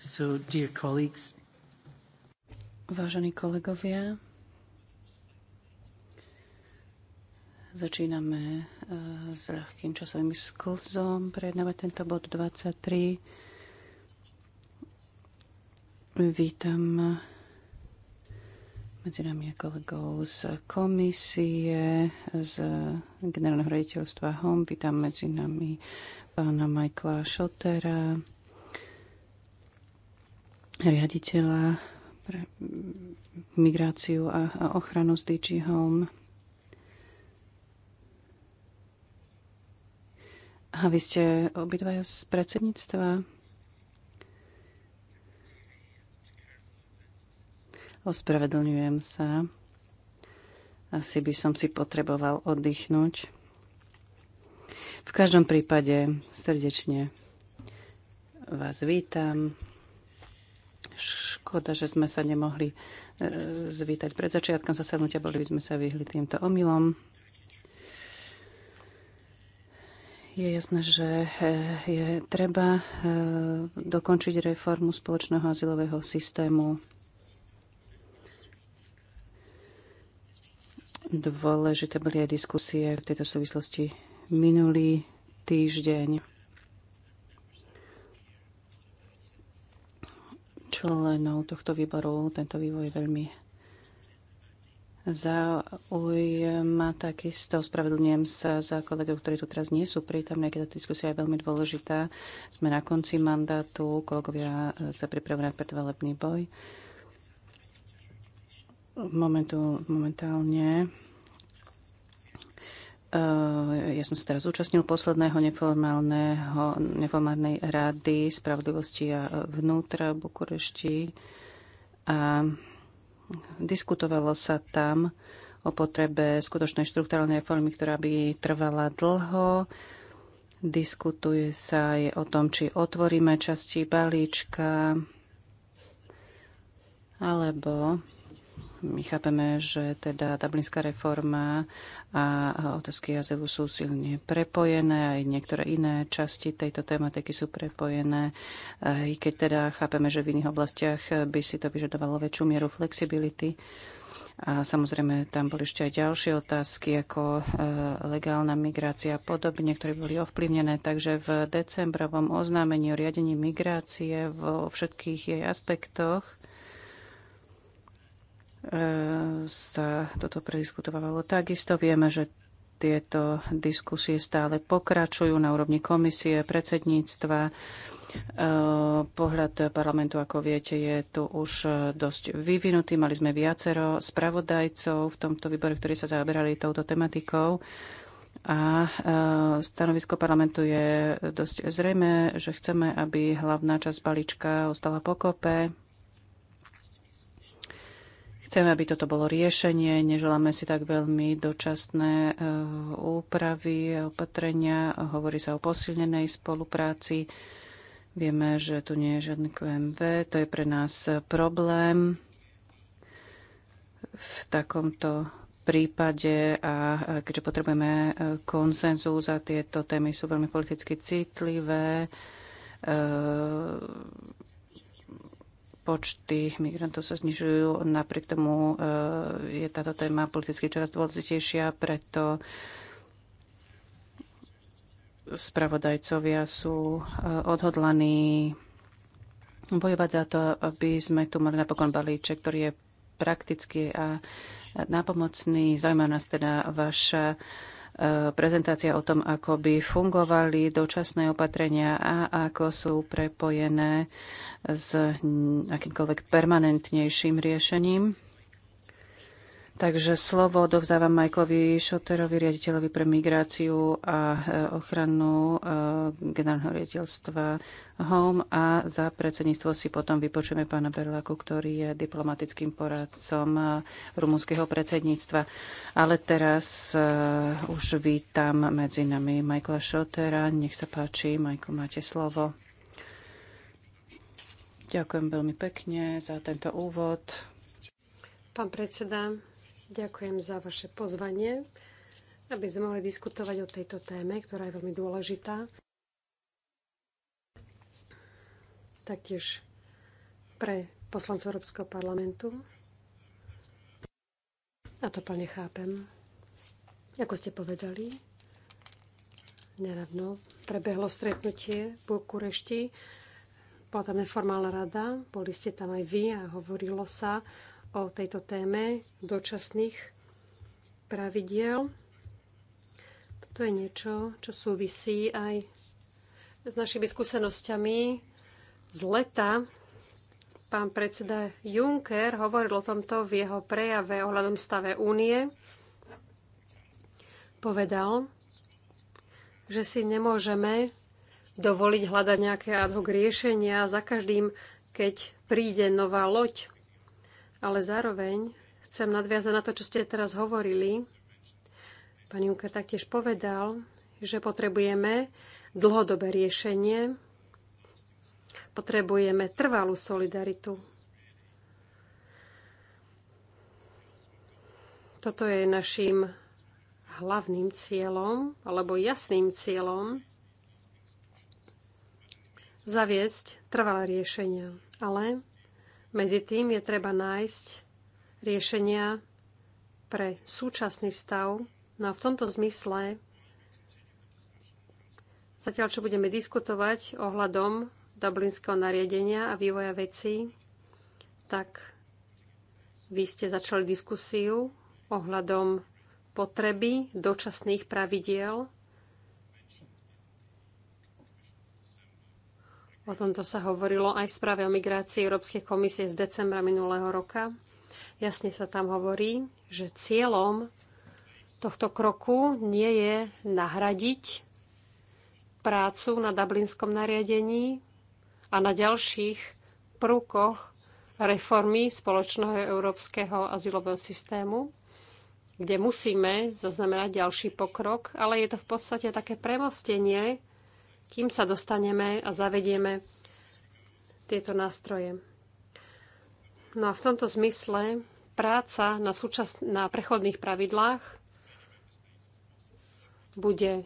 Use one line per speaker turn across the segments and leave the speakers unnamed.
So, dear colleagues. Vážení kolegovia, začíname eh, s ľahkým časovým sklzom prejednávať tento bod 23. Vítam medzi nami kolegov z komisie, z generálneho rediteľstva HOM. Vítam medzi nami pána Michaela Šotera, riaditeľa pre migráciu a ochranu z DG Home. A vy ste obidvaja z predsedníctva? Ospravedlňujem sa. Asi by som si potreboval oddychnúť. V každom prípade srdečne vás vítam. Škoda, že sme sa nemohli e, zvítať pred začiatkom zasadnutia, boli by sme sa vyhli týmto omylom. Je jasné, že e, je treba e, dokončiť reformu spoločného azylového systému. Dôležité boli aj diskusie v tejto súvislosti minulý týždeň. členov tohto výboru tento vývoj veľmi zaujíma. Takisto Spravedlňujem sa za kolegov, ktorí tu teraz nie sú prítomní, keď tá diskusia je veľmi dôležitá. Sme na konci mandátu, kolegovia sa pripravujú na predvalebný boj. Momentu, momentálne Eh, ja som sa teraz zúčastnil posledného neformálneho, neformálnej rady spravodlivosti a vnútra v Bukurešti a diskutovalo sa tam o potrebe skutočnej štruktúralnej reformy, ktorá by trvala dlho. Diskutuje sa aj o tom, či otvoríme časti balíčka alebo my chápeme, že teda Dublinská reforma a otázky azylu sú silne prepojené, aj niektoré iné časti tejto tematiky sú prepojené, aj keď teda chápeme, že v iných oblastiach by si to vyžadovalo väčšiu mieru flexibility. A samozrejme, tam boli ešte aj ďalšie otázky, ako e, legálna migrácia a podobne, ktoré boli ovplyvnené. Takže v decembrovom oznámení o riadení migrácie vo všetkých jej aspektoch sa toto prediskutovalo. Takisto vieme, že tieto diskusie stále pokračujú na úrovni komisie, predsedníctva. E, pohľad parlamentu, ako viete, je tu už dosť vyvinutý. Mali sme viacero spravodajcov v tomto výbore, ktorí sa zaoberali touto tematikou. A e, stanovisko parlamentu je dosť zrejme, že chceme, aby hlavná časť balíčka ostala pokope Chceme, aby toto bolo riešenie, neželáme si tak veľmi dočasné eh, úpravy, a opatrenia, hovorí sa o posilnenej spolupráci. Vieme, že tu nie je žiadny QMV, to je pre nás problém v takomto prípade a eh, keďže potrebujeme eh, konsenzus a tieto témy sú veľmi politicky citlivé, počty migrantov sa znižujú. Napriek tomu eh, je táto téma politicky čoraz dôležitejšia, preto spravodajcovia sú eh, odhodlaní bojovať za to, aby sme tu mali napokon balíček, ktorý je praktický a nápomocný. zaujímavá nás teda vaša Eh, prezentácia o tom, ako by fungovali dočasné opatrenia a ako sú prepojené s akýmkoľvek permanentnejším riešením. Takže slovo dovzdávam Michaelovi Šoterovi, riaditeľovi pre migráciu a e, ochranu e, generálneho riaditeľstva Home a za predsedníctvo si potom vypočujeme pána Berlaku, ktorý je diplomatickým poradcom e, rumunského predsedníctva. Ale teraz už vítam medzi nami Michaela Šotera. Nech sa páči, Michael, máte slovo. Ďakujem veľmi pekne za tento úvod.
Pán predseda, Ďakujem za vaše pozvanie, aby sme mohli diskutovať o tejto téme, ktorá je veľmi dôležitá. Taktiež pre poslancov Európskeho parlamentu. A to plne chápem. Ako ste povedali, neravno prebehlo stretnutie v Bukurešti. Bola tam neformálna rada, boli ste tam aj vy a hovorilo sa o tejto téme dočasných pravidiel. To je niečo, čo súvisí aj s našimi skúsenosťami z leta. Pán predseda Juncker hovoril o tomto v jeho prejave ohľadom stave únie. Povedal, že si nemôžeme dovoliť hľadať nejaké ad hoc riešenia za každým, keď príde nová loď ale zároveň chcem nadviazať na to, čo ste teraz hovorili. Pani Juncker taktiež povedal, že potrebujeme dlhodobé riešenie, potrebujeme trvalú solidaritu. Toto je našim hlavným cieľom, alebo jasným cieľom zaviesť trvalé riešenia. Ale medzi tým je treba nájsť riešenia pre súčasný stav. No a v tomto zmysle, zatiaľ čo budeme diskutovať ohľadom dublinského nariadenia a vývoja vecí, tak vy ste začali diskusiu ohľadom potreby dočasných pravidiel O tomto sa hovorilo aj v správe o migrácii Európskej komisie z decembra minulého roka. Jasne sa tam hovorí, že cieľom tohto kroku nie je nahradiť prácu na Dublinskom nariadení a na ďalších prúkoch reformy spoločného európskeho azylového systému, kde musíme zaznamenať ďalší pokrok, ale je to v podstate také premostenie kým sa dostaneme a zavedieme tieto nástroje. No a v tomto zmysle práca na, súčas- na prechodných pravidlách bude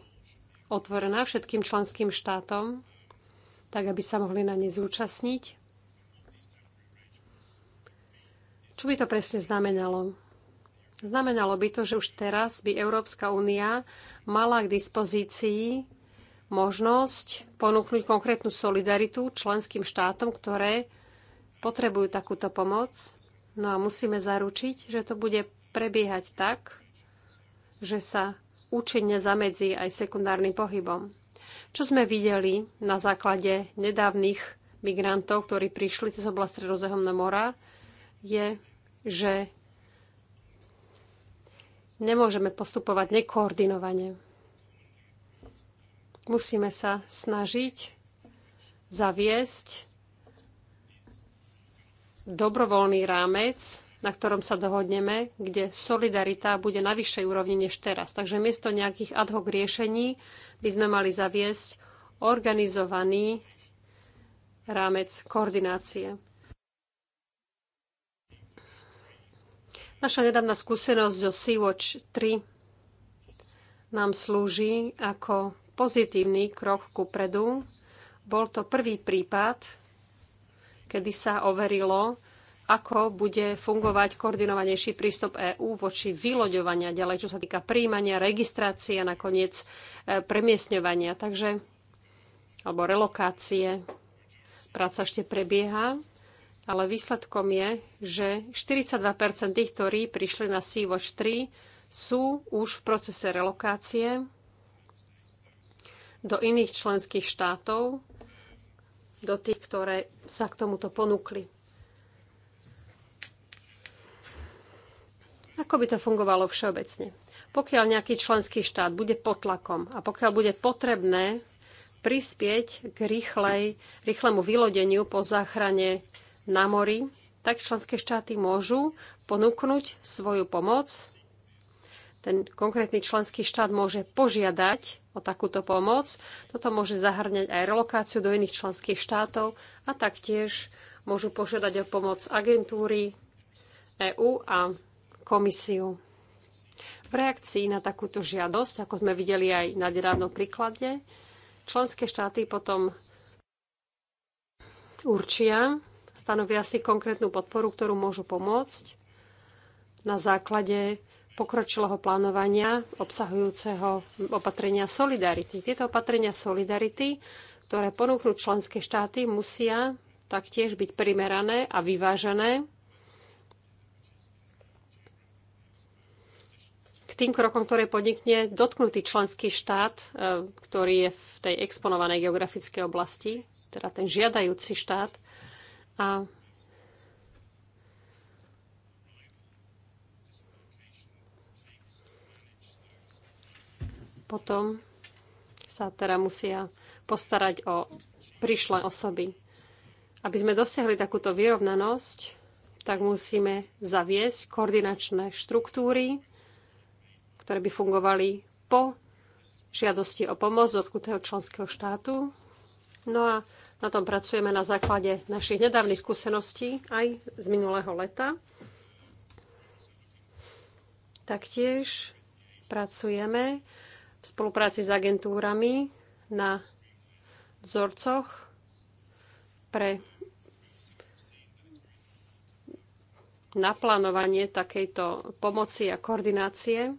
otvorená všetkým členským štátom, tak aby sa mohli na ne zúčastniť. Čo by to presne znamenalo? Znamenalo by to, že už teraz by Európska únia mala k dispozícii možnosť ponúknuť konkrétnu solidaritu členským štátom, ktoré potrebujú takúto pomoc. No a musíme zaručiť, že to bude prebiehať tak, že sa účinne zamedzí aj sekundárnym pohybom. Čo sme videli na základe nedávnych migrantov, ktorí prišli z oblasti Rozehomné mora, je, že nemôžeme postupovať nekoordinovane. Musíme sa snažiť zaviesť dobrovoľný rámec, na ktorom sa dohodneme, kde solidarita bude na vyššej úrovni než teraz. Takže miesto nejakých ad hoc riešení by sme mali zaviesť organizovaný rámec koordinácie. Naša nedávna skúsenosť zo Sea-Watch 3 nám slúži ako pozitívny krok ku predu. Bol to prvý prípad, kedy sa overilo, ako bude fungovať koordinovanejší prístup EÚ voči vyloďovania ďalej, čo sa týka príjmania, registrácie a nakoniec e, premiesňovania. Takže, alebo relokácie. Práca ešte prebieha, ale výsledkom je, že 42% tých, ktorí prišli na Sea-Watch 3, sú už v procese relokácie do iných členských štátov, do tých, ktoré sa k tomuto ponúkli. Ako by to fungovalo všeobecne? Pokiaľ nejaký členský štát bude pod tlakom a pokiaľ bude potrebné prispieť k rýchlej, rýchlemu vylodeniu po záchrane na mori, tak členské štáty môžu ponúknuť svoju pomoc. Ten konkrétny členský štát môže požiadať o takúto pomoc. Toto môže zahrňať aj relokáciu do iných členských štátov a taktiež môžu požiadať o pomoc agentúry EÚ a komisiu. V reakcii na takúto žiadosť, ako sme videli aj na nedávnom príklade, členské štáty potom určia, stanovia si konkrétnu podporu, ktorú môžu pomôcť na základe pokročilého plánovania obsahujúceho opatrenia Solidarity. Tieto opatrenia Solidarity, ktoré ponúknú členské štáty, musia taktiež byť primerané a vyvážené k tým krokom, ktoré podnikne dotknutý členský štát, e, ktorý je v tej exponovanej geografickej oblasti, teda ten žiadajúci štát. A potom sa teda musia postarať o prišle osoby. Aby sme dosiahli takúto vyrovnanosť, tak musíme zaviesť koordinačné štruktúry, ktoré by fungovali po žiadosti o pomoc odkutého členského štátu. No a na tom pracujeme na základe našich nedávnych skúseností aj z minulého leta. Taktiež pracujeme v spolupráci s agentúrami na vzorcoch pre naplánovanie takejto pomoci a koordinácie.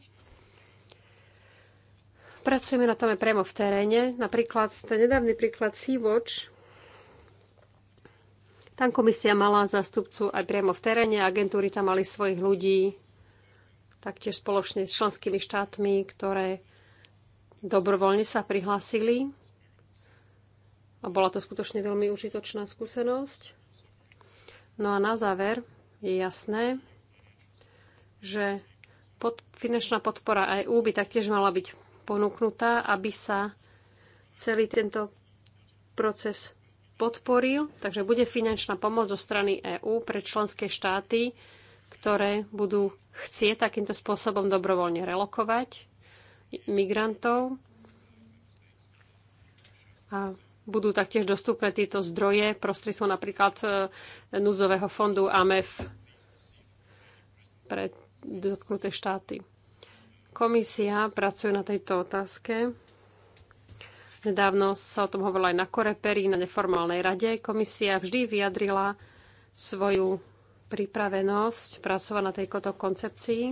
Pracujeme na tom aj priamo v teréne. Napríklad ten nedávny príklad Sea-Watch, tam komisia mala zástupcu aj priamo v teréne, agentúry tam mali svojich ľudí, taktiež spoločne s členskými štátmi, ktoré dobrovoľne sa prihlásili a bola to skutočne veľmi užitočná skúsenosť. No a na záver je jasné, že pod, finančná podpora EÚ by taktiež mala byť ponúknutá, aby sa celý tento proces podporil. Takže bude finančná pomoc zo strany EÚ pre členské štáty, ktoré budú chcieť takýmto spôsobom dobrovoľne relokovať migrantov. A budú taktiež dostupné tieto zdroje prostredstvom napríklad e, núdzového fondu AMEF pre dotknuté štáty. Komisia pracuje na tejto otázke. Nedávno sa o tom hovorila aj na Koreperi, na neformálnej rade. Komisia vždy vyjadrila svoju pripravenosť pracovať na tejto koncepcii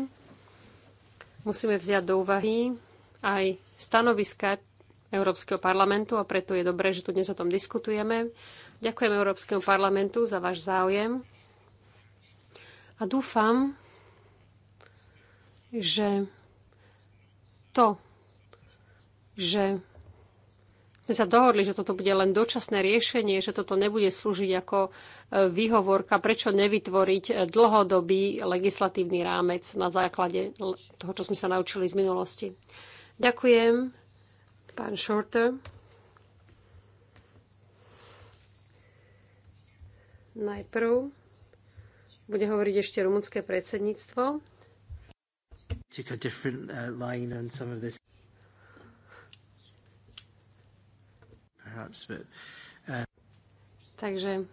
musíme vziať do úvahy aj stanoviska Európskeho parlamentu a preto je dobré, že tu dnes o tom diskutujeme. Ďakujem Európskemu parlamentu za váš záujem a dúfam, že to, že sme sa dohodli, že toto bude len dočasné riešenie, že toto nebude slúžiť ako e, výhovorka, prečo nevytvoriť e, dlhodobý legislatívny rámec na základe toho, čo sme sa naučili z minulosti. Ďakujem, pán Shorter. Najprv bude hovoriť ešte rumunské predsedníctvo. perhaps, but... Uh... Takže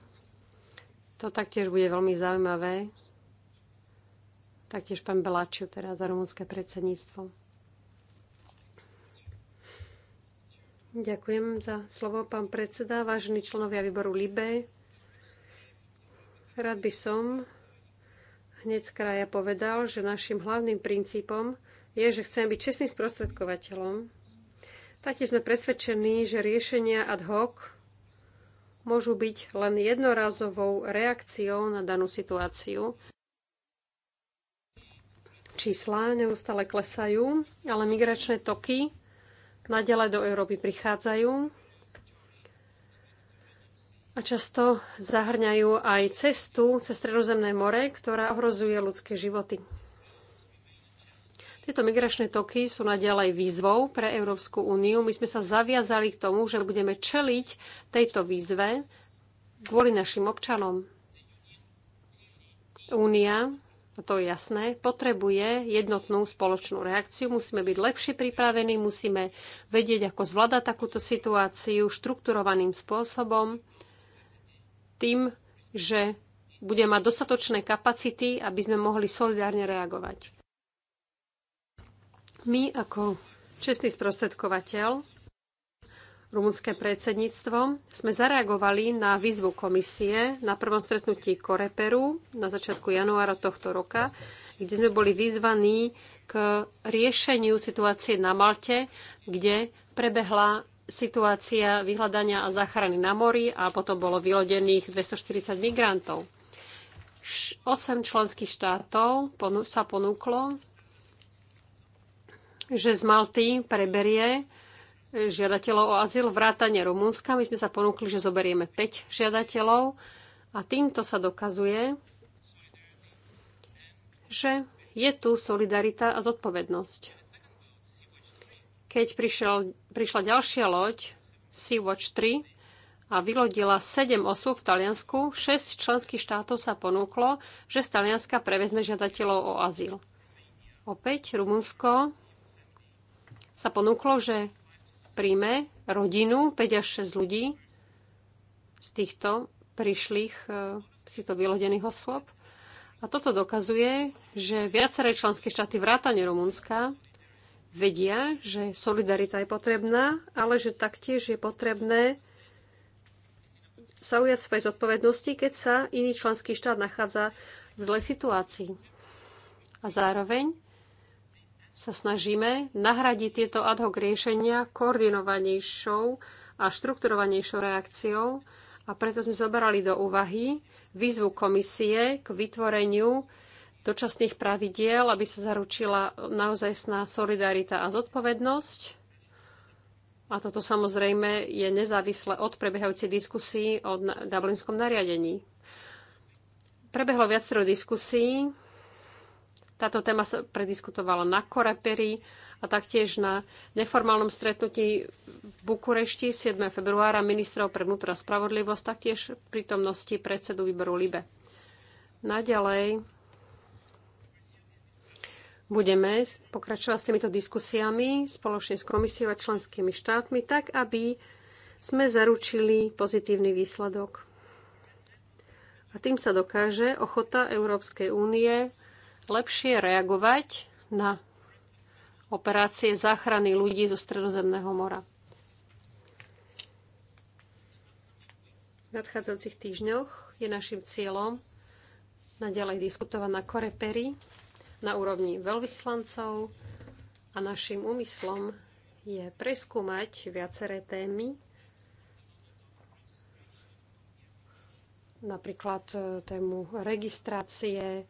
to taktiež bude veľmi zaujímavé. Taktiež pán Beláčio teraz za rumúnske predsedníctvo. Ďakujem za slovo, pán predseda, vážení členovia výboru LIBE. Rád by som hneď z kraja povedal, že našim hlavným princípom je, že chcem byť čestným sprostredkovateľom Taktiež sme presvedčení, že riešenia ad hoc môžu byť len jednorazovou reakciou na danú situáciu. Čísla neustále klesajú, ale migračné toky nadalej do Európy prichádzajú a často zahrňajú aj cestu cez Stredozemné more, ktorá ohrozuje ľudské životy. Tieto migračné toky sú naďalej výzvou pre Európsku úniu. My sme sa zaviazali k tomu, že budeme čeliť tejto výzve kvôli našim občanom. Únia, a to je jasné, potrebuje jednotnú spoločnú reakciu. Musíme byť lepšie pripravení, musíme vedieť, ako zvládať takúto situáciu štrukturovaným spôsobom, tým, že bude mať dostatočné kapacity, aby sme mohli solidárne reagovať. My ako čestný sprostredkovateľ, rumunské predsedníctvo, sme zareagovali na výzvu komisie na prvom stretnutí Koreperu na začiatku januára tohto roka, kde sme boli vyzvaní k riešeniu situácie na Malte, kde prebehla situácia vyhľadania a záchrany na mori a potom bolo vylodených 240 migrantov. 8 členských štátov sa ponúklo že z Malty preberie žiadateľov o azyl vrátane Rumúnska. My sme sa ponúkli, že zoberieme 5 žiadateľov a týmto sa dokazuje, že je tu solidarita a zodpovednosť. Keď prišiel, prišla ďalšia loď Sea-Watch 3 a vylodila 7 osôb v Taliansku, 6 členských štátov sa ponúklo, že z Talianska prevezme žiadateľov o azyl. Opäť Rumunsko sa ponúklo, že príjme rodinu, 5 až 6 ľudí z týchto prišlých, e, z týchto vylodených osôb. A toto dokazuje, že viaceré členské štáty vrátane Rumunska vedia, že solidarita je potrebná, ale že taktiež je potrebné sa ujať svojej zodpovednosti, keď sa iný členský štát nachádza v zlej situácii. A zároveň sa snažíme nahradiť tieto ad hoc riešenia koordinovanejšou a štrukturovanejšou reakciou a preto sme zobrali do úvahy výzvu komisie k vytvoreniu dočasných pravidiel, aby sa zaručila naozajstná solidarita a zodpovednosť. A toto samozrejme je nezávisle od prebiehajúcej diskusí o Dublinskom nariadení. Prebehlo viacero diskusí táto téma sa prediskutovala na Koreperi a taktiež na neformálnom stretnutí v Bukurešti 7. februára ministrov pre vnútra spravodlivosť, taktiež v prítomnosti predsedu výboru LIBE. Naďalej budeme pokračovať s týmito diskusiami spoločne s komisiou a členskými štátmi, tak aby sme zaručili pozitívny výsledok. A tým sa dokáže ochota Európskej únie lepšie reagovať na operácie záchrany ľudí zo Stredozemného mora. V nadchádzajúcich týždňoch je našim cieľom naďalej diskutovať na korepery na úrovni veľvyslancov a našim úmyslom je preskúmať viaceré témy, napríklad eh, tému registrácie,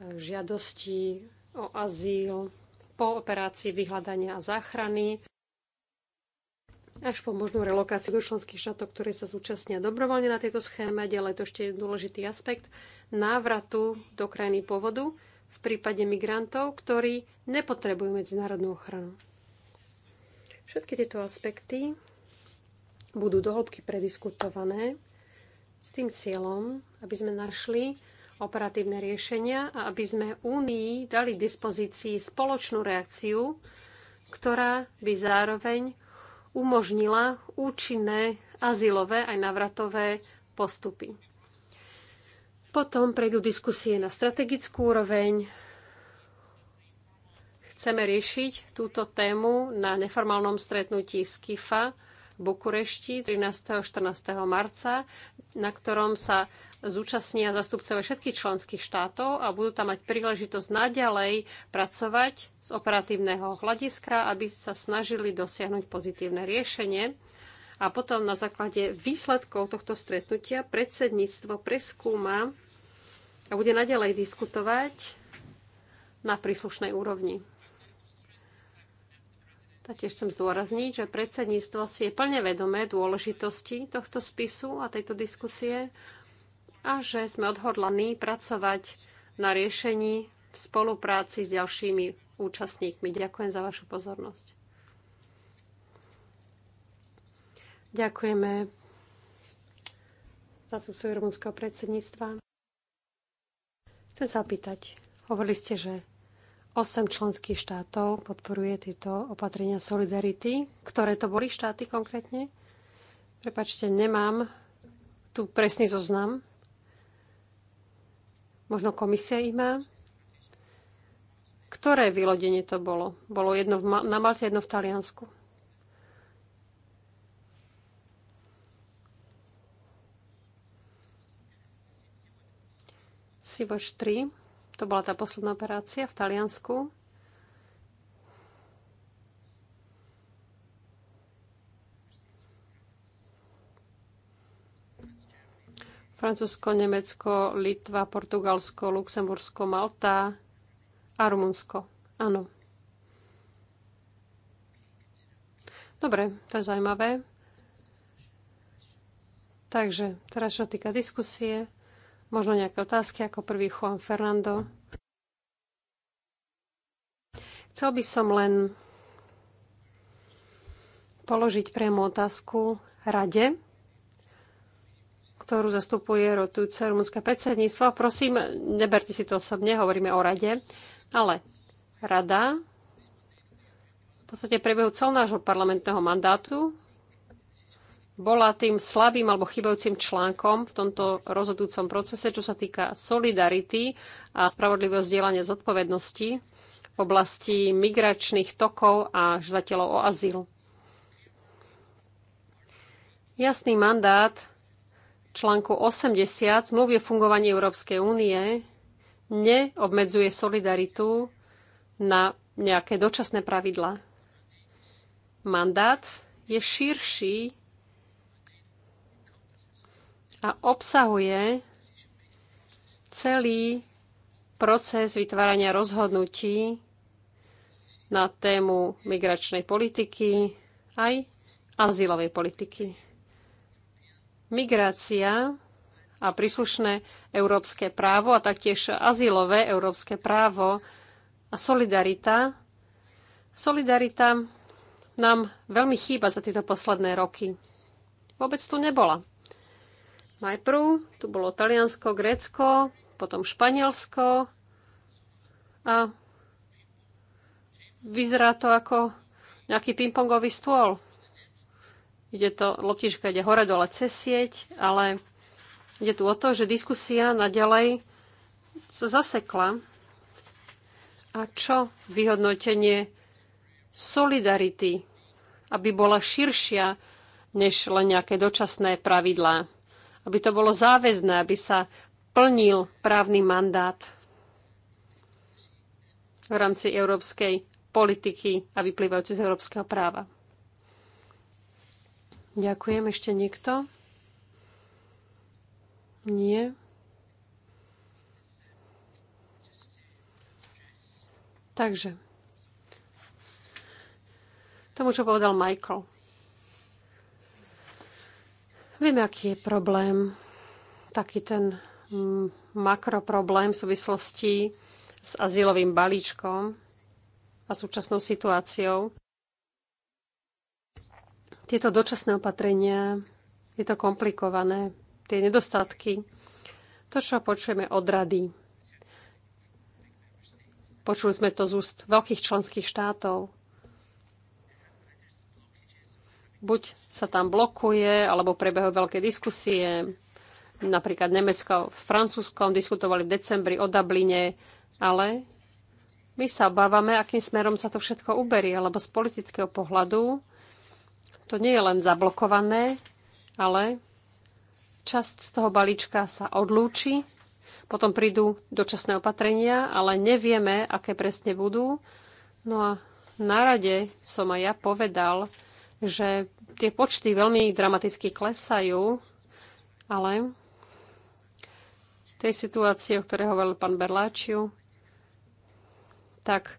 žiadosti o azyl po operácii vyhľadania a záchrany až po možnú relokáciu do členských štátov, ktoré sa zúčastnia dobrovoľne na tejto schéme. Ďalej to ešte je dôležitý aspekt návratu do krajiny pôvodu v prípade migrantov, ktorí nepotrebujú medzinárodnú ochranu. Všetky tieto aspekty budú dohlbky prediskutované s tým cieľom, aby sme našli operatívne riešenia a aby sme Únii dali dispozícii spoločnú reakciu, ktorá by zároveň umožnila účinné azylové aj navratové postupy. Potom prejdú diskusie na strategickú úroveň. Chceme riešiť túto tému na neformálnom stretnutí s KIFA Bukurešti 13. a 14. marca, na ktorom sa zúčastnia zastupcovia všetkých členských štátov a budú tam mať príležitosť naďalej pracovať z operatívneho hľadiska, aby sa snažili dosiahnuť pozitívne riešenie. A potom na základe výsledkov tohto stretnutia predsedníctvo preskúma a bude naďalej diskutovať na príslušnej úrovni. Taktiež chcem zdôrazniť, že predsedníctvo si je plne vedomé dôležitosti tohto spisu a tejto diskusie a že sme odhodlaní pracovať na riešení v spolupráci s ďalšími účastníkmi. Ďakujem za vašu pozornosť. Ďakujeme zástupcovi rumunského predsedníctva. Chcem sa pýtať, hovorili ste, že 8 členských štátov podporuje tieto opatrenia Solidarity. Ktoré to boli štáty konkrétne? Prepačte, nemám tu presný zoznam. Možno komisia ich má. Ktoré vylodenie to bolo? Bolo jedno v, na Malte, jedno v Taliansku. Sivoč 3. To bola tá posledná operácia v Taliansku. Francúzsko, Nemecko, Litva, Portugalsko, Luxembursko, Malta a Rumunsko. Áno. Dobre, to je zaujímavé. Takže, teraz čo týka diskusie, Možno nejaké otázky, ako prvý Juan Fernando. Chcel by som len položiť priamu otázku rade, ktorú zastupuje rotujúce rumúnske predsedníctvo. Prosím, neberte si to osobne, hovoríme o rade, ale rada v podstate prebehu celého nášho parlamentného mandátu bola tým slabým alebo chybajúcim článkom v tomto rozhodujúcom procese, čo sa týka solidarity a spravodlivého zdieľania zodpovednosti v oblasti migračných tokov a žiadateľov o azyl. Jasný mandát článku 80 zmluvy o fungovaní Európskej únie neobmedzuje solidaritu na nejaké dočasné pravidla. Mandát je širší a obsahuje celý proces vytvárania rozhodnutí na tému migračnej politiky aj azylovej politiky. Migrácia a príslušné európske právo a taktiež azylové európske právo a solidarita. Solidarita nám veľmi chýba za tieto posledné roky. Vôbec tu nebola. Najprv tu bolo Taliansko, Grécko, potom Španielsko a vyzerá to ako nejaký pingpongový stôl. Ide to, loptička ide hore dole cez sieť, ale ide tu o to, že diskusia naďalej sa zasekla. A čo vyhodnotenie solidarity, aby bola širšia než len nejaké dočasné pravidlá? aby to bolo záväzné, aby sa plnil právny mandát v rámci európskej politiky a vyplývajúci z európskeho práva. Ďakujem. Ešte niekto? Nie. Takže, tomu, čo povedal Michael. Viem, aký je problém, taký ten mm, makroproblém v súvislosti s azylovým balíčkom a súčasnou situáciou. Tieto dočasné opatrenia, je to komplikované, tie nedostatky, to, čo počujeme od rady. Počuli sme to z úst veľkých členských štátov. Buď sa tam blokuje, alebo prebehajú veľké diskusie. Napríklad Nemecko s Francúzskom diskutovali v decembri o Dubline, ale my sa obávame, akým smerom sa to všetko uberie, lebo z politického pohľadu to nie je len zablokované, ale časť z toho balíčka sa odlúči, potom prídu dočasné opatrenia, ale nevieme, aké presne budú. No a na rade som aj ja povedal, že tie počty veľmi dramaticky klesajú, ale tej situácii, o ktorej hovoril pán Berláčiu, tak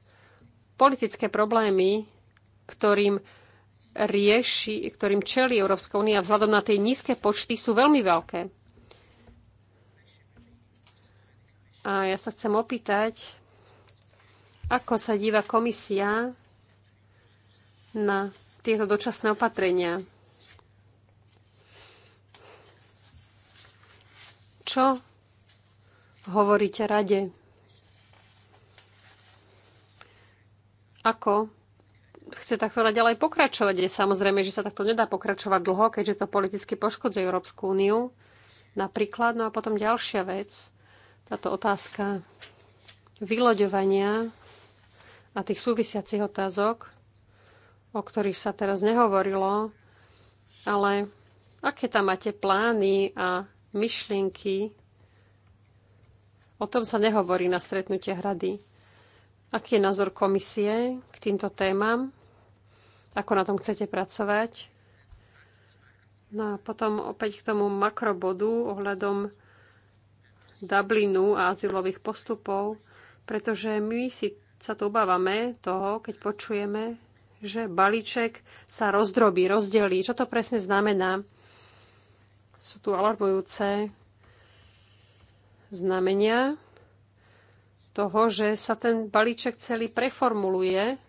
politické problémy, ktorým rieši, ktorým čelí Európska únia vzhľadom na tie nízke počty, sú veľmi veľké. A ja sa chcem opýtať, ako sa díva komisia na tieto dočasné opatrenia. Čo hovoríte rade? Ako chce takto naďalej pokračovať? Je samozrejme, že sa takto nedá pokračovať dlho, keďže to politicky poškodzuje Európsku úniu. Napríklad, no a potom ďalšia vec, táto otázka vyloďovania a tých súvisiacich otázok o ktorých sa teraz nehovorilo, ale aké tam máte plány a myšlienky? O tom sa nehovorí na stretnutie hrady. Aký je názor komisie k týmto témam? Ako na tom chcete pracovať? No a potom opäť k tomu makrobodu ohľadom Dublinu a azylových postupov, pretože my si sa tu obávame toho, keď počujeme, že balíček sa rozdrobí, rozdelí. Čo to presne znamená? Sú tu alarmujúce znamenia toho, že sa ten balíček celý preformuluje.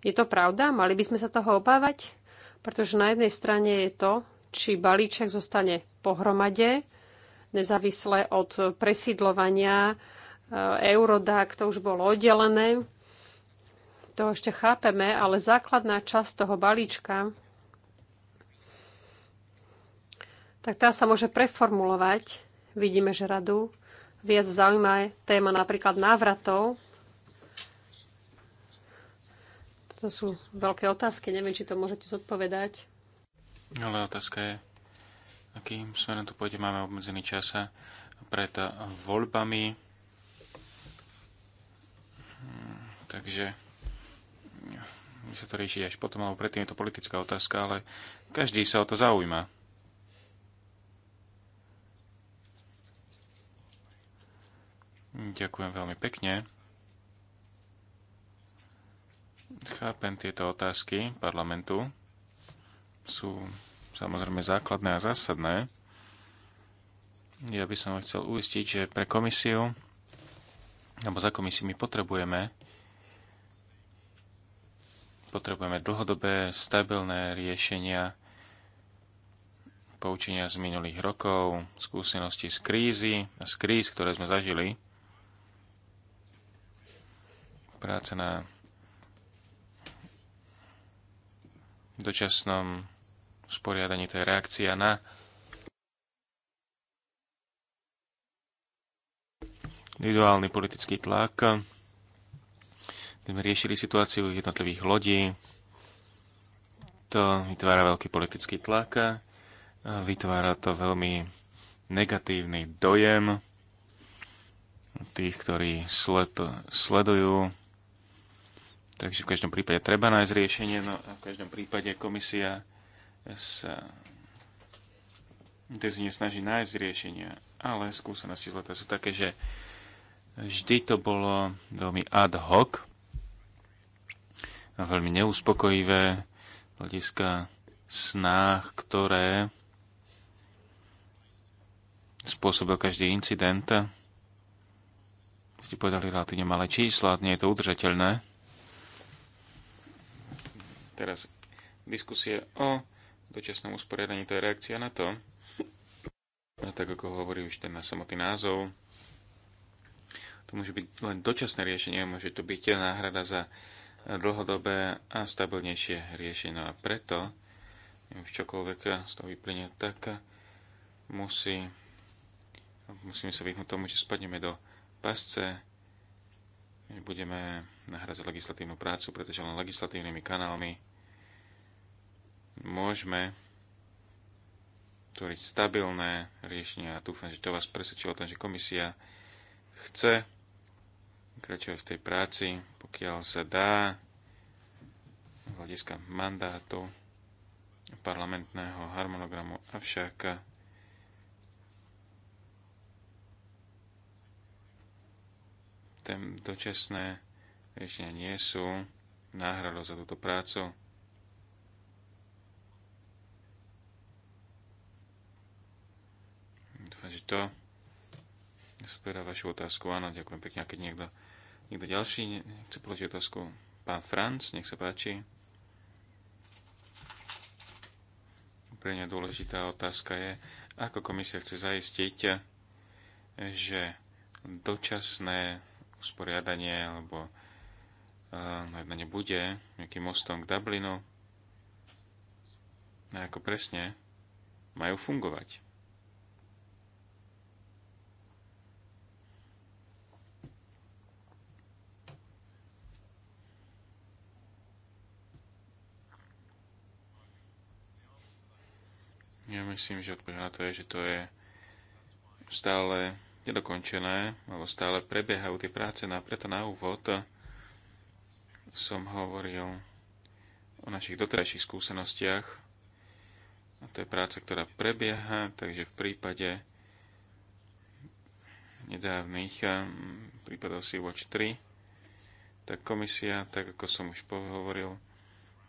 Je to pravda? Mali by sme sa toho obávať? Pretože na jednej strane je to, či balíček zostane pohromade, nezávisle od presídlovania e, Eurodac, to už bolo oddelené to ešte chápeme, ale základná časť toho balíčka, tak tá sa môže preformulovať. Vidíme, že radu viac zaujíma téma napríklad návratov. To sú veľké otázky, neviem, či to môžete zodpovedať.
Ale otázka je, akým smerom tu pôjde, máme obmedzený čas pred voľbami. Hm, takže sa to rieši až potom, alebo predtým je to politická otázka, ale každý sa o to zaujíma. Ďakujem veľmi pekne. Chápem tieto otázky parlamentu. Sú samozrejme základné a zásadné. Ja by som chcel uistiť, že pre komisiu, alebo za komisiu my potrebujeme Potrebujeme dlhodobé, stabilné riešenia, poučenia z minulých rokov, skúsenosti z krízy a z kríz, ktoré sme zažili. Práca na dočasnom sporiadaní, to je reakcia na individuálny politický tlak keď sme riešili situáciu jednotlivých lodí, to vytvára veľký politický tlak, vytvára to veľmi negatívny dojem tých, ktorí sled, sledujú. Takže v každom prípade treba nájsť riešenie, no a v každom prípade komisia sa intenzívne snaží nájsť riešenia, ale skúsenosti z leta sú také, že vždy to bolo veľmi ad hoc, veľmi neuspokojivé hľadiska snách, ktoré spôsobil každý incident. Ste povedali relatívne malé čísla, nie je to udržateľné. Teraz diskusie o dočasnom usporiadaní, to je reakcia na to. A tak ako hovorí už ten na samotný názov, to môže byť len dočasné riešenie, môže to byť náhrada za dlhodobé a stabilnejšie riešenie. A preto, v čokoľvek z toho vyplynie, tak musí, musíme sa vyhnúť tomu, že spadneme do pasce, budeme nahradzať legislatívnu prácu, pretože len legislatívnymi kanálmi môžeme tvoriť stabilné riešenia. A dúfam, že to vás presvedčilo, že komisia chce kračovať v tej práci, pokiaľ sa dá, z hľadiska mandátu parlamentného harmonogramu, avšak ten dočasné riešenia nie sú náhradou za túto prácu. Dúfam, že to spera vašu otázku. Áno, ďakujem pekne, keď niekto Niekto ďalší chce položiť otázku? Pán Franc, nech sa páči. Pre mňa dôležitá otázka je, ako komisia chce zaistiť, že dočasné usporiadanie alebo eh, jednanie bude nejakým mostom k Dublinu, a ako presne majú fungovať. Ja myslím, že odpoveď na to je, že to je stále nedokončené, alebo stále prebiehajú tie práce, no a preto na úvod som hovoril o našich doterajších skúsenostiach. A to je práca, ktorá prebieha, takže v prípade nedávnych mm, prípadov si watch 3, tak komisia, tak ako som už hovoril,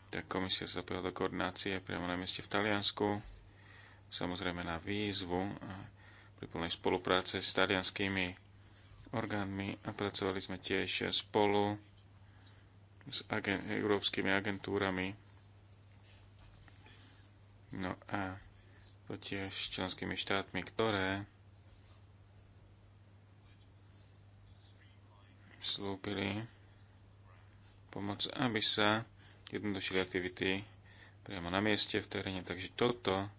tak komisia sa zapojila do koordinácie priamo na mieste v Taliansku samozrejme na výzvu pri plnej spolupráce s talianskými orgánmi a pracovali sme tiež spolu s agen- európskymi agentúrami no a to tiež členskými štátmi, ktoré slúbili pomoc, aby sa jednodušili aktivity priamo na mieste v teréne. Takže toto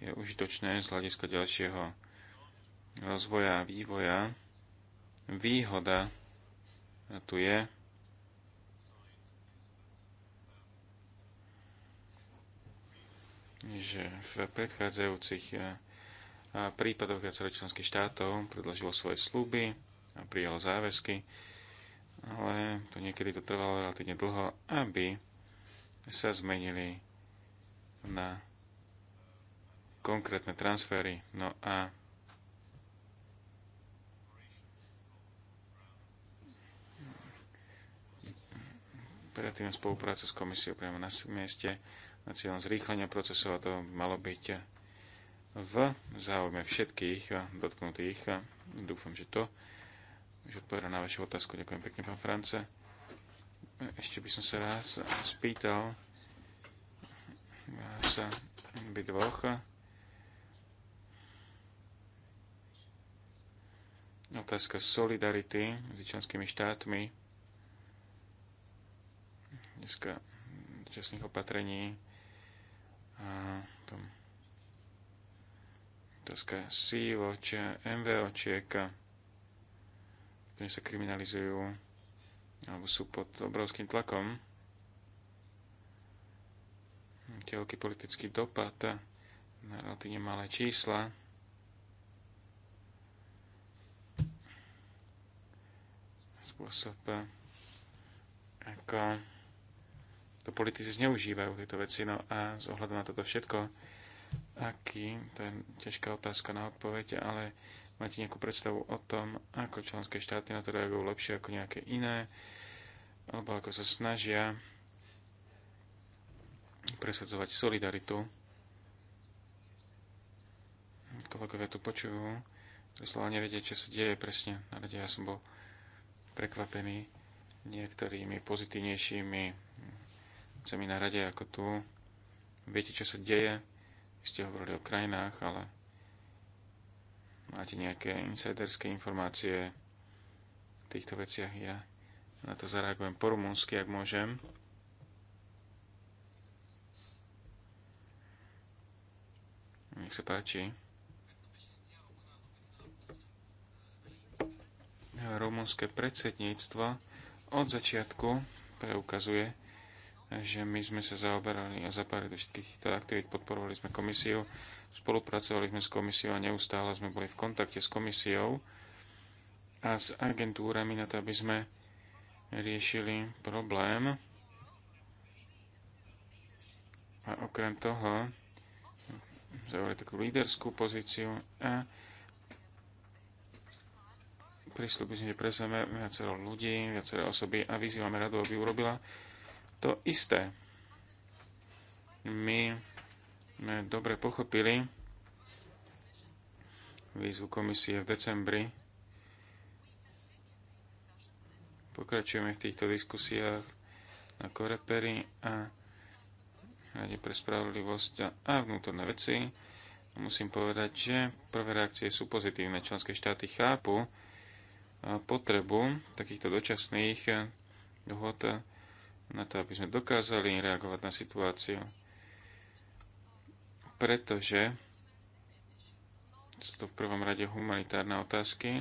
je užitočné z hľadiska ďalšieho rozvoja a vývoja. Výhoda tu je, že v predchádzajúcich eh, prípadoch viacerých členských štátov predložilo svoje sluby a prijalo záväzky, ale to niekedy to trvalo relatívne dlho, aby sa zmenili na konkrétne transfery. No a operatívna spolupráca s komisiou priamo na mieste na cieľom zrýchlenia procesov a to malo byť v záujme všetkých dotknutých. Dúfam, že to že odpovedal na vašu otázku. Ďakujem pekne, pán France. Ešte by som sa raz spýtal vás by dvoch otázka solidarity s členskými štátmi, dneska časných opatrení, a tom, otázka SIVO, či MVOčiek, ktoré sa kriminalizujú alebo sú pod obrovským tlakom. Telký hm, politický dopad na relatívne malé čísla. spôsob, eh, ako to politici zneužívajú tieto veci. No a z ohľadu na toto všetko, aký, to je ťažká otázka na odpoveď, ale máte nejakú predstavu o tom, ako členské štáty na to reagujú lepšie ako nejaké iné, alebo ako sa snažia presadzovať solidaritu. Kolegovia tu počujú, slova nevedia, čo sa deje presne na rade. Ja som bol prekvapení niektorými pozitívnejšími vecami na rade ako tu. Viete, čo sa deje? Vy ste hovorili o krajinách, ale máte nejaké insiderské informácie v týchto veciach. Ja na to zareagujem po rumúnsky, ak môžem. Nech sa páči. rumunské predsedníctvo od začiatku preukazuje, že my sme sa zaoberali a zapárali do všetkých týchto teda aktivít, podporovali sme komisiu, spolupracovali sme s komisiou a neustále sme boli v kontakte s komisiou a s agentúrami na to, aby sme riešili problém. A okrem toho zaujali takú líderskú pozíciu a Prislúbili sme, že prezveme viacero ľudí, viaceré osoby a vyzývame radu, aby urobila to isté. My sme dobre pochopili výzvu komisie v decembri. Pokračujeme v týchto diskusiách na Koreperi a Rade pre spravodlivosť a vnútorné veci. Musím povedať, že prvé reakcie sú pozitívne. Členské štáty chápu, potrebu takýchto dočasných eh, dohod eh, na to, aby sme dokázali reagovať na situáciu. Pretože sú to v prvom rade humanitárne otázky,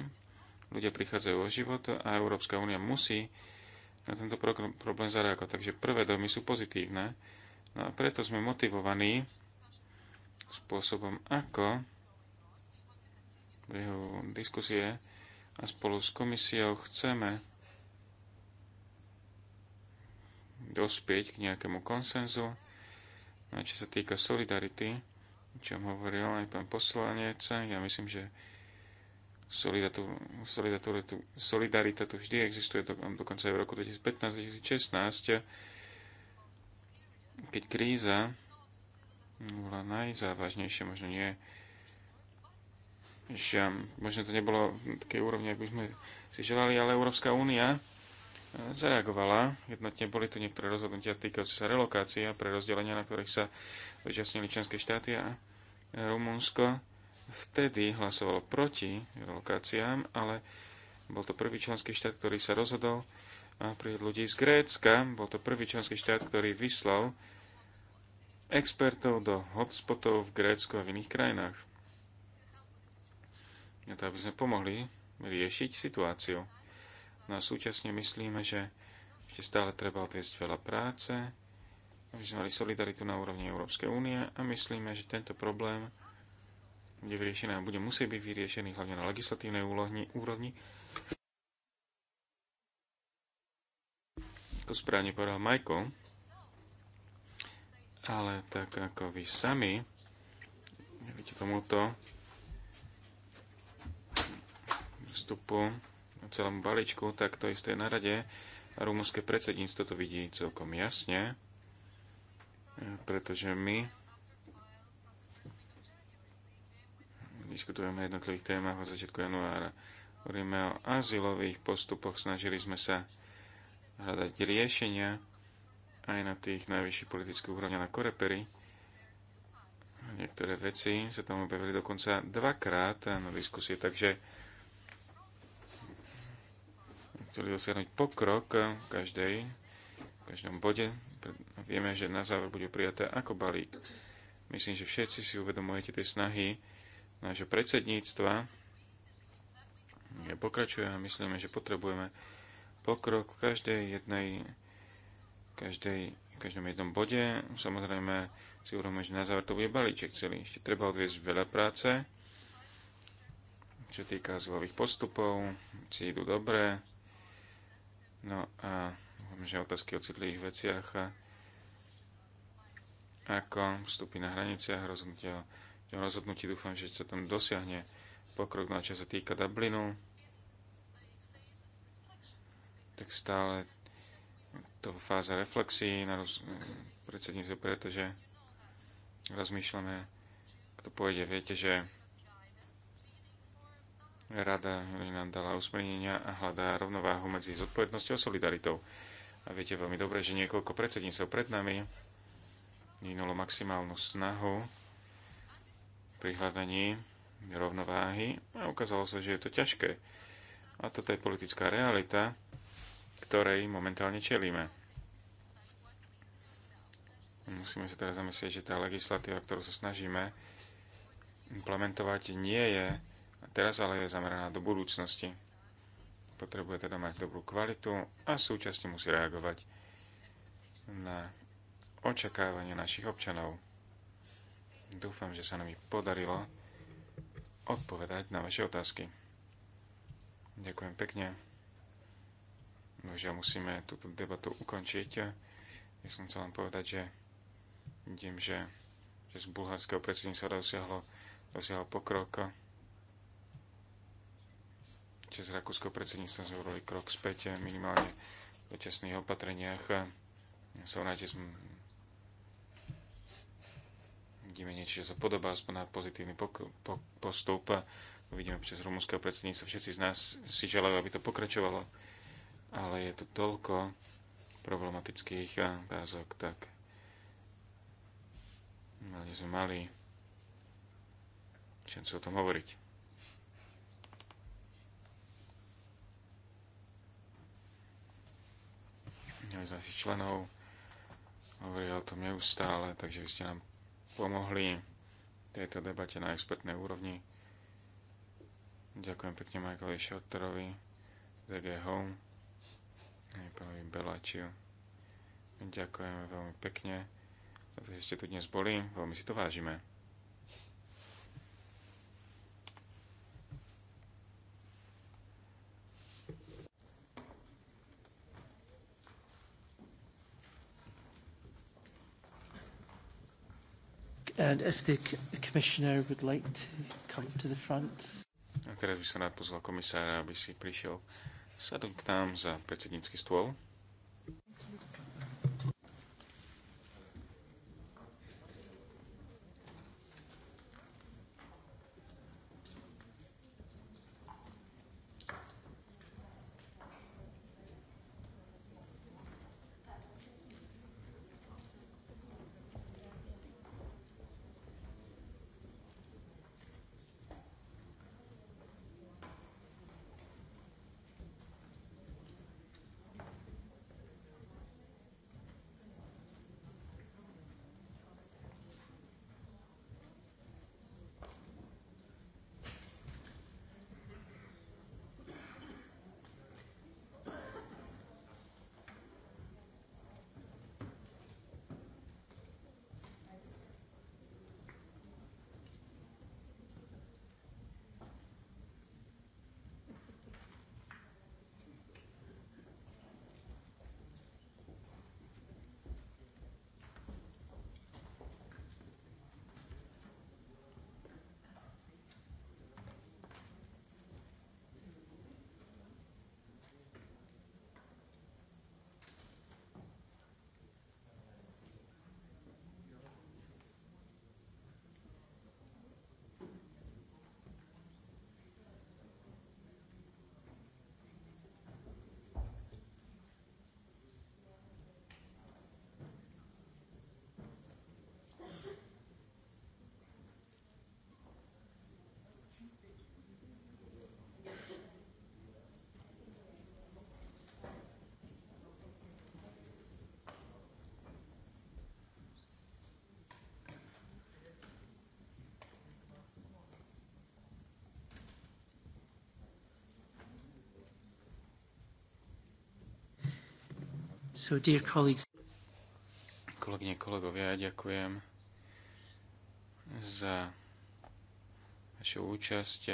ľudia prichádzajú o život a Európska únia musí na tento problém zareagovať. Takže prvé domy sú pozitívne. No a preto sme motivovaní spôsobom, ako v jeho diskusie a spolu s komisiou chceme dospieť k nejakému konsenzu. A no, čo sa týka solidarity, o čom hovoril aj pán poslanec, ja myslím, že solidarita, solidarita tu vždy existuje, do, dokonca aj v roku 2015-2016, keď kríza bola najzávažnejšia, možno nie že možno to nebolo na takej úrovni, ako by sme si želali, ale Európska únia e, zareagovala. Jednotne boli tu niektoré rozhodnutia týkajúce sa relokácia pre rozdelenia, na ktorých sa zúčastnili členské štáty a Rumunsko vtedy hlasovalo proti relokáciám, ale bol to prvý členský štát, ktorý sa rozhodol pri ľudí z Grécka. Bol to prvý členský štát, ktorý vyslal expertov do hotspotov v Grécku a v iných krajinách to, aby sme pomohli riešiť situáciu. No a súčasne myslíme, že ešte stále treba odviesť veľa práce, aby sme mali solidaritu na úrovni Európskej únie a myslíme, že tento problém bude vyriešený a bude musieť byť vyriešený hlavne na legislatívnej úrovni, úrovni. Ako správne povedal Michael, ale tak ako vy sami, vidíte tomuto, vstupu celému balíčku, tak to isté na rade. Rumúnske predsedníctvo to vidí celkom jasne, pretože my diskutujeme o jednotlivých témach od začiatku januára. Hovoríme o azylových postupoch, snažili sme sa hľadať riešenia aj na tých najvyšších politických úrovniach na Korepery. Niektoré veci sa tam objavili dokonca dvakrát na diskusie, takže chceli dosiahnuť pokrok v každej, v každom bode. Vieme, že na záver bude prijaté ako balík. Myslím, že všetci si uvedomujete tie snahy nášho predsedníctva. Pokračuje a myslíme, že potrebujeme pokrok v každej jednej, každej, každom jednom bode. Samozrejme si uvedomujeme, že na záver to bude balíček celý. Ešte treba odviesť veľa práce, čo týka zlových postupov, si idú dobre, No a dúfam, že otázky o citlivých veciach ako vstupy na hraniciach, rozhodnutia o rozhodnutí, dúfam, že sa tam dosiahne pokrok, na no čo sa týka Dublinu, tak stále to fáza reflexí na roz, predsedníctve, pretože rozmýšľame, kto pôjde, viete, že Rada nám dala usmernenia a hľadá rovnováhu medzi zodpovednosťou a solidaritou. A viete veľmi dobre, že niekoľko predsedníctv pred nami vynulo maximálnu snahu pri hľadaní rovnováhy a ukázalo sa, že je to ťažké. A toto je politická realita, ktorej momentálne čelíme. Musíme sa teraz zamyslieť, že tá legislatíva, ktorú sa snažíme implementovať, nie je teraz ale je zameraná do budúcnosti. Potrebuje teda mať dobrú kvalitu a súčasne musí reagovať na očakávanie našich občanov. Dúfam, že sa nám podarilo odpovedať na vaše otázky. Ďakujem pekne. No, že musíme túto debatu ukončiť. Ja som chcel len povedať, že vidím, že, že z bulharského predsedníctva dosiahlo, dosiahlo pokrok s rakúskou predsedníctvom sme urobili krok späť eh, minimálne v dočasných opatreniach. Ja som rád, že sme vidíme niečo, čo sa podobá aspoň na pozitívny pok- po- postup. Uvidíme počas rumúnskeho predsedníctva. Všetci z nás si želajú, aby to pokračovalo, ale je tu toľko problematických eh, otázok, tak mali sme mali šancu o tom hovoriť. aj za tých členov. Hovoria o tom neustále, takže vy ste nám pomohli v tejto debate na expertnej úrovni. Ďakujem pekne Michaelovi Shorterovi, ZG Home, aj pánovi Belačiu. Ďakujeme veľmi pekne, že ste tu dnes boli, veľmi si to vážime.
And if the commissioner would like to come to the front.
A teraz by som rád pozval komisára, aby si prišiel sadnúť k nám za predsednícky stôl.
So, dear colleagues.
Kolegyne, kolegovia, ďakujem za vašu účasť.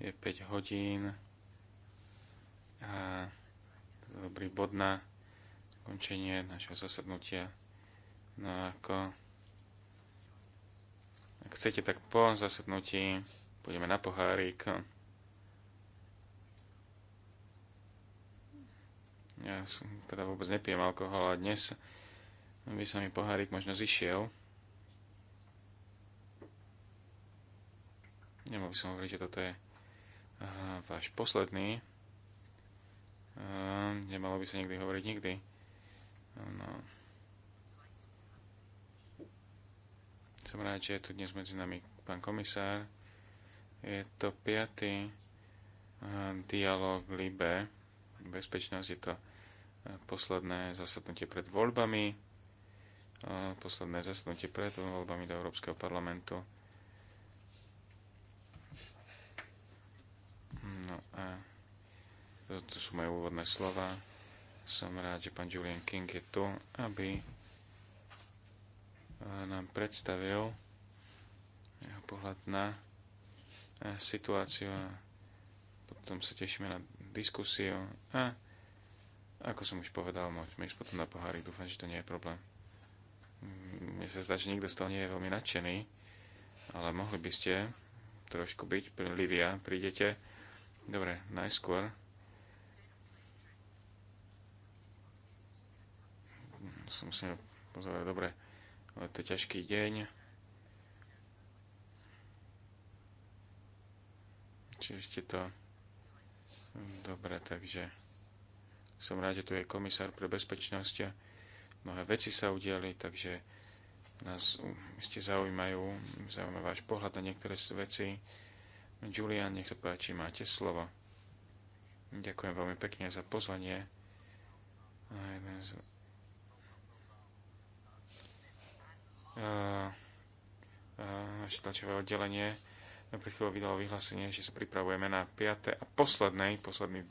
Je 5 hodín a dobrý bod na končenie našho zasadnutia. No ako ak chcete, tak po zasadnutí pôjdeme na pohárik. ja teda vôbec nepijem alkohol a dnes by sa mi pohárik možno zišiel. Nemohol by som hovoriť, že toto je uh, váš posledný. Uh, nemalo by sa nikdy hovoriť nikdy. No. Som rád, že je tu dnes medzi nami pán komisár. Je to piatý uh, dialog Libe. Bezpečnosť je to posledné zasadnutie pred voľbami, e, posledné zasadnutie pred voľbami do Európskeho parlamentu. No a to sú moje úvodné slova. Som rád, že pán Julian King je tu, aby e, nám predstavil jeho pohľad na e, situáciu a potom sa tešíme na diskusiu a ako som už povedal, môžeme ísť potom na pohári. Dúfam, že to nie je problém. Mne sa zdá, že nikto z toho nie je veľmi nadšený, ale mohli by ste trošku byť. Livia, prídete. Dobre, najskôr. Som si pozorovať, dobre, ale to je ťažký deň. Čiže ste to... Dobre, takže... Som rád, že tu je komisár pre bezpečnosť. Mnohé veci sa udiali, takže nás ste zaujímajú, zaujíma váš pohľad na niektoré veci. Julian, nech sa páči, máte slovo. Ďakujem veľmi pekne za pozvanie. Naše tlačové oddelenie pri chvíľu vydalo vyhlásenie, že sa pripravujeme na 5. a posledné posledný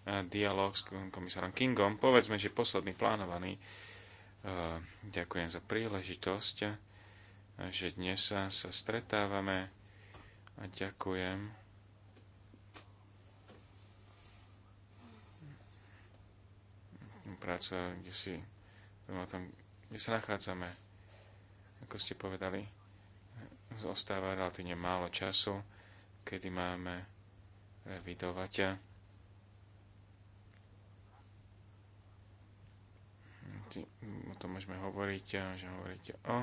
E, dialog s komisárom Kingom. Povedzme, že posledný plánovaný. E, ďakujem za príležitosť, e, že dnes sa stretávame a ďakujem. Práca, kde si no, tom, kde sa nachádzame, ako ste povedali, zostáva relatívne málo času, kedy máme revidovať Mm, o tom môžeme hovoriť, eh, že hovoríte o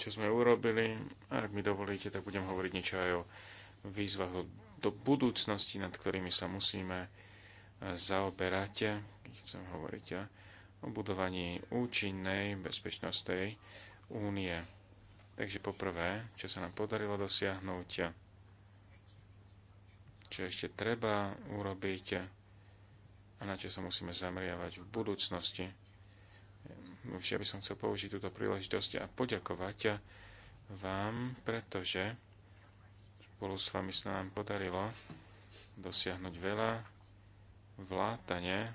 čo sme urobili. A ak mi dovolíte, tak budem hovoriť niečo aj o výzvach do budúcnosti, nad ktorými sa musíme eh, zaoberať. Chcem hovoriť eh, o budovaní účinnej bezpečnostnej únie. Takže poprvé, čo sa nám podarilo dosiahnuť, čo ešte treba urobiť, a na čo sa musíme zameriavať v budúcnosti. Ja by som chcel použiť túto príležitosť a poďakovať vám, pretože spolu s vami sa nám podarilo dosiahnuť veľa vlátanie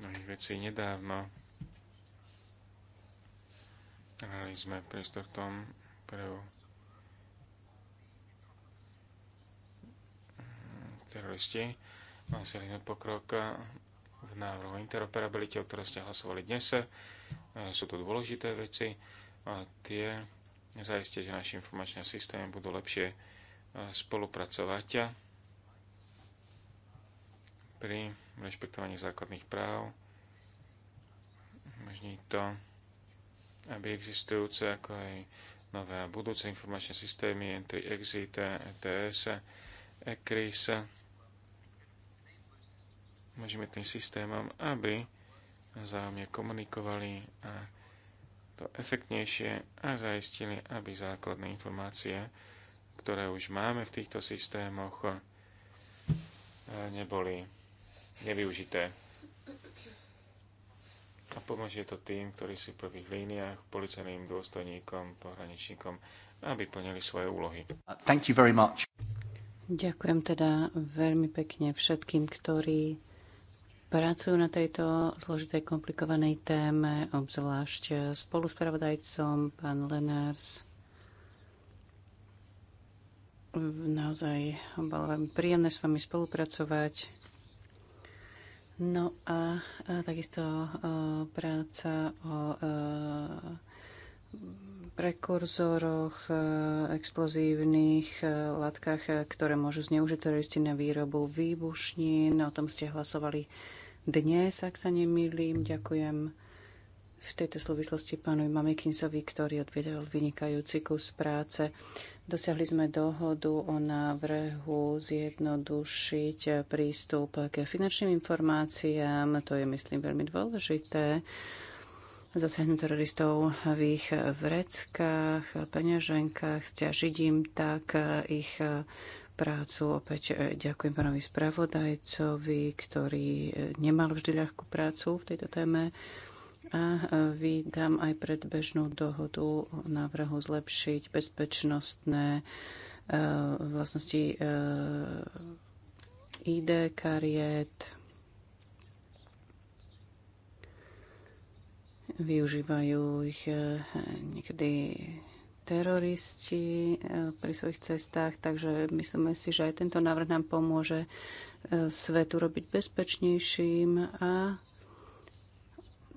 mnohých vecí nedávno. Hrali sme priestor tom pre teroristi Museli sme pokrok v návrhu interoperability, o ktorom ste hlasovali dnes. E, sú to dôležité veci. A tie zaistie, že naše informačné systémy budú lepšie e, spolupracovať pri rešpektovaní základných práv. Možní to, aby existujúce ako aj nové a budúce informačné systémy, entry, exit, ETS, ECRIS, tým systémom, aby vzájomne komunikovali a to efektnejšie a zaistili, aby základné informácie, ktoré už máme v týchto systémoch, e, neboli nevyužité. A pomôže to tým, ktorí si v prvých líniách, policajným dôstojníkom, pohraničníkom, aby plnili svoje úlohy. Thank you
very much. Ďakujem teda veľmi pekne všetkým, ktorí pracujú na tejto zložitej, komplikovanej téme, obzvlášť spoluspravodajcom, pán Lenárs. Naozaj bolo veľmi príjemné s vami spolupracovať. No a, a takisto a, e, práca o a, e, prekurzoroch e, explozívnych látkach, ktoré môžu zneužiť teroristi na výrobu výbušnín. O tom ste hlasovali dnes, ak sa nemýlim. Ďakujem v tejto súvislosti pánovi Mamikinsovi, ktorý odvedel vynikajúci kus práce. Dosiahli sme dohodu o návrhu zjednodušiť prístup k finančným informáciám. To je, myslím, veľmi dôležité. Zasiahnuť teroristov v ich vreckách, peňaženkách, stiažiť im tak ich prácu. Opäť e, ďakujem pánovi spravodajcovi, ktorý e, nemal vždy ľahkú prácu v tejto téme. A e, vydám aj predbežnú dohodu o návrhu zlepšiť bezpečnostné vlastnosti ID kariet, využívajú ich niekedy teroristi eh, pri svojich cestách, takže myslíme si, že aj tento návrh nám pomôže eh, svet urobiť bezpečnejším a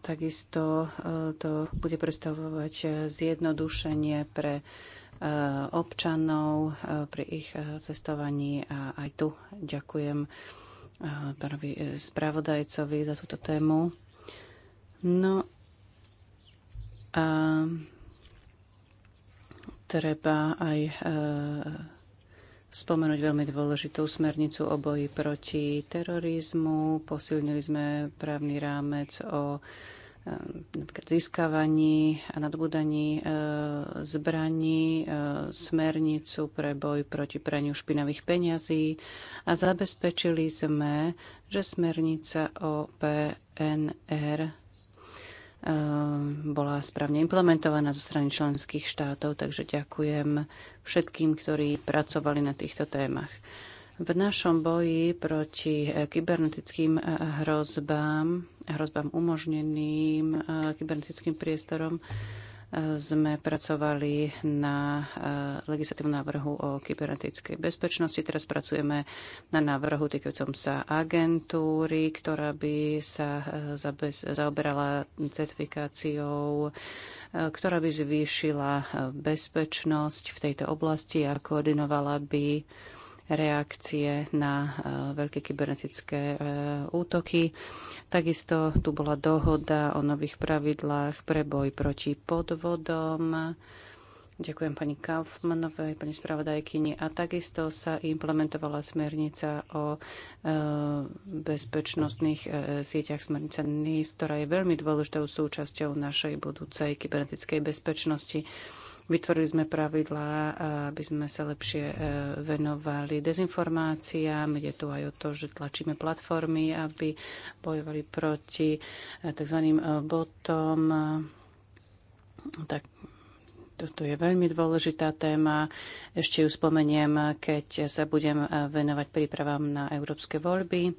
takisto eh, to bude predstavovať zjednodušenie pre občanov pri ich cestovaní a aj tu ďakujem pánovi spravodajcovi za túto tému. No a treba aj e, spomenúť veľmi dôležitú smernicu o boji proti terorizmu. Posilnili sme právny rámec o e, získavaní a nadbudaní e, zbraní, e, smernicu pre boj proti praniu špinavých peňazí a zabezpečili sme, že smernica o PNR Ehm, bola správne implementovaná zo strany členských štátov, takže ďakujem všetkým, ktorí pracovali na týchto témach. V našom boji proti eh, kybernetickým eh, hrozbám, hrozbám umožneným eh, kybernetickým priestorom, sme pracovali na eh, legislatívnom návrhu o kybernetickej bezpečnosti. Teraz pracujeme na návrhu týkajúcom sa agentúry, ktorá by sa eh, zaoberala certifikáciou, eh, ktorá by zvýšila bezpečnosť v tejto oblasti a koordinovala by reakcie na e, veľké kybernetické e, útoky. Takisto tu bola dohoda o nových pravidlách pre boj proti podvodom. Ďakujem pani Kaufmanovej, pani spravodajkyni. A takisto sa implementovala smernica o e, bezpečnostných e, sieťach smernica NIS, ktorá je veľmi dôležitou súčasťou našej budúcej kybernetickej bezpečnosti. E, Vytvorili sme pravidlá, aby sme sa lepšie e, venovali dezinformáciám. Ide tu aj o to, že tlačíme platformy, aby bojovali proti e, tzv. E, botom. Tak toto je veľmi dôležitá téma. Ešte ju spomeniem, keď sa budem venovať prípravám na európske voľby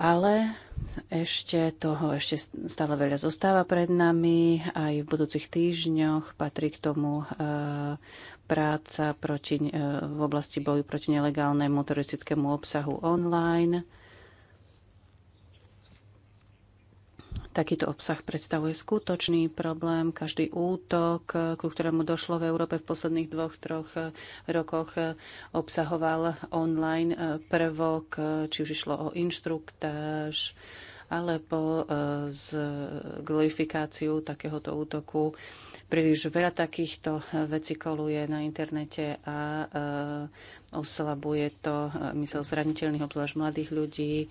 ale ešte toho ešte stále veľa zostáva pred nami. Aj v budúcich týždňoch patrí k tomu e, práca proti, e, v oblasti boju proti nelegálnemu teroristickému obsahu online. Takýto obsah predstavuje skutočný problém. Každý útok, ku ktorému došlo v Európe v posledných dvoch, troch eh, rokoch, eh, obsahoval online eh, prvok, či už išlo o inštruktáž, alebo z glorifikáciu takéhoto útoku. Príliš veľa takýchto vecí koluje na internete a oslabuje to mysel zraniteľných, obzvlášť mladých ľudí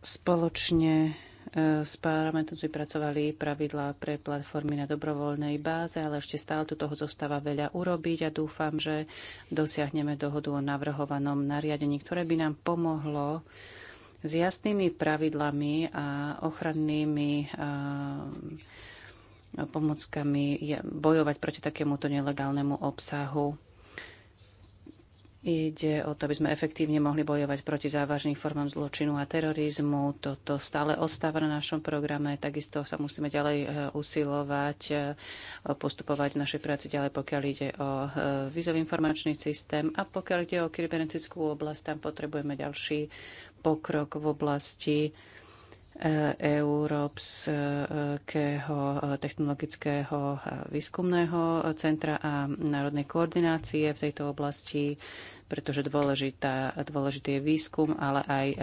Spoločne e, s parlamentom pracovali pravidlá pre platformy na dobrovoľnej báze, ale ešte stále tu toho zostáva veľa urobiť a dúfam, že dosiahneme dohodu o navrhovanom nariadení, ktoré by nám pomohlo s jasnými pravidlami a ochrannými pomockami bojovať proti takémuto nelegálnemu obsahu. Ide o to, aby sme efektívne mohli bojovať proti závažným formám zločinu a terorizmu. Toto stále ostáva na našom programe. Takisto sa musíme ďalej e, usilovať, e, postupovať v našej práci ďalej, pokiaľ ide o e, vízový informačný systém. A pokiaľ ide o kybernetickú oblasť, tam potrebujeme ďalší pokrok v oblasti Európskeho technologického výskumného centra a národnej koordinácie v tejto oblasti, pretože dôležitá, dôležitý je výskum, ale aj e,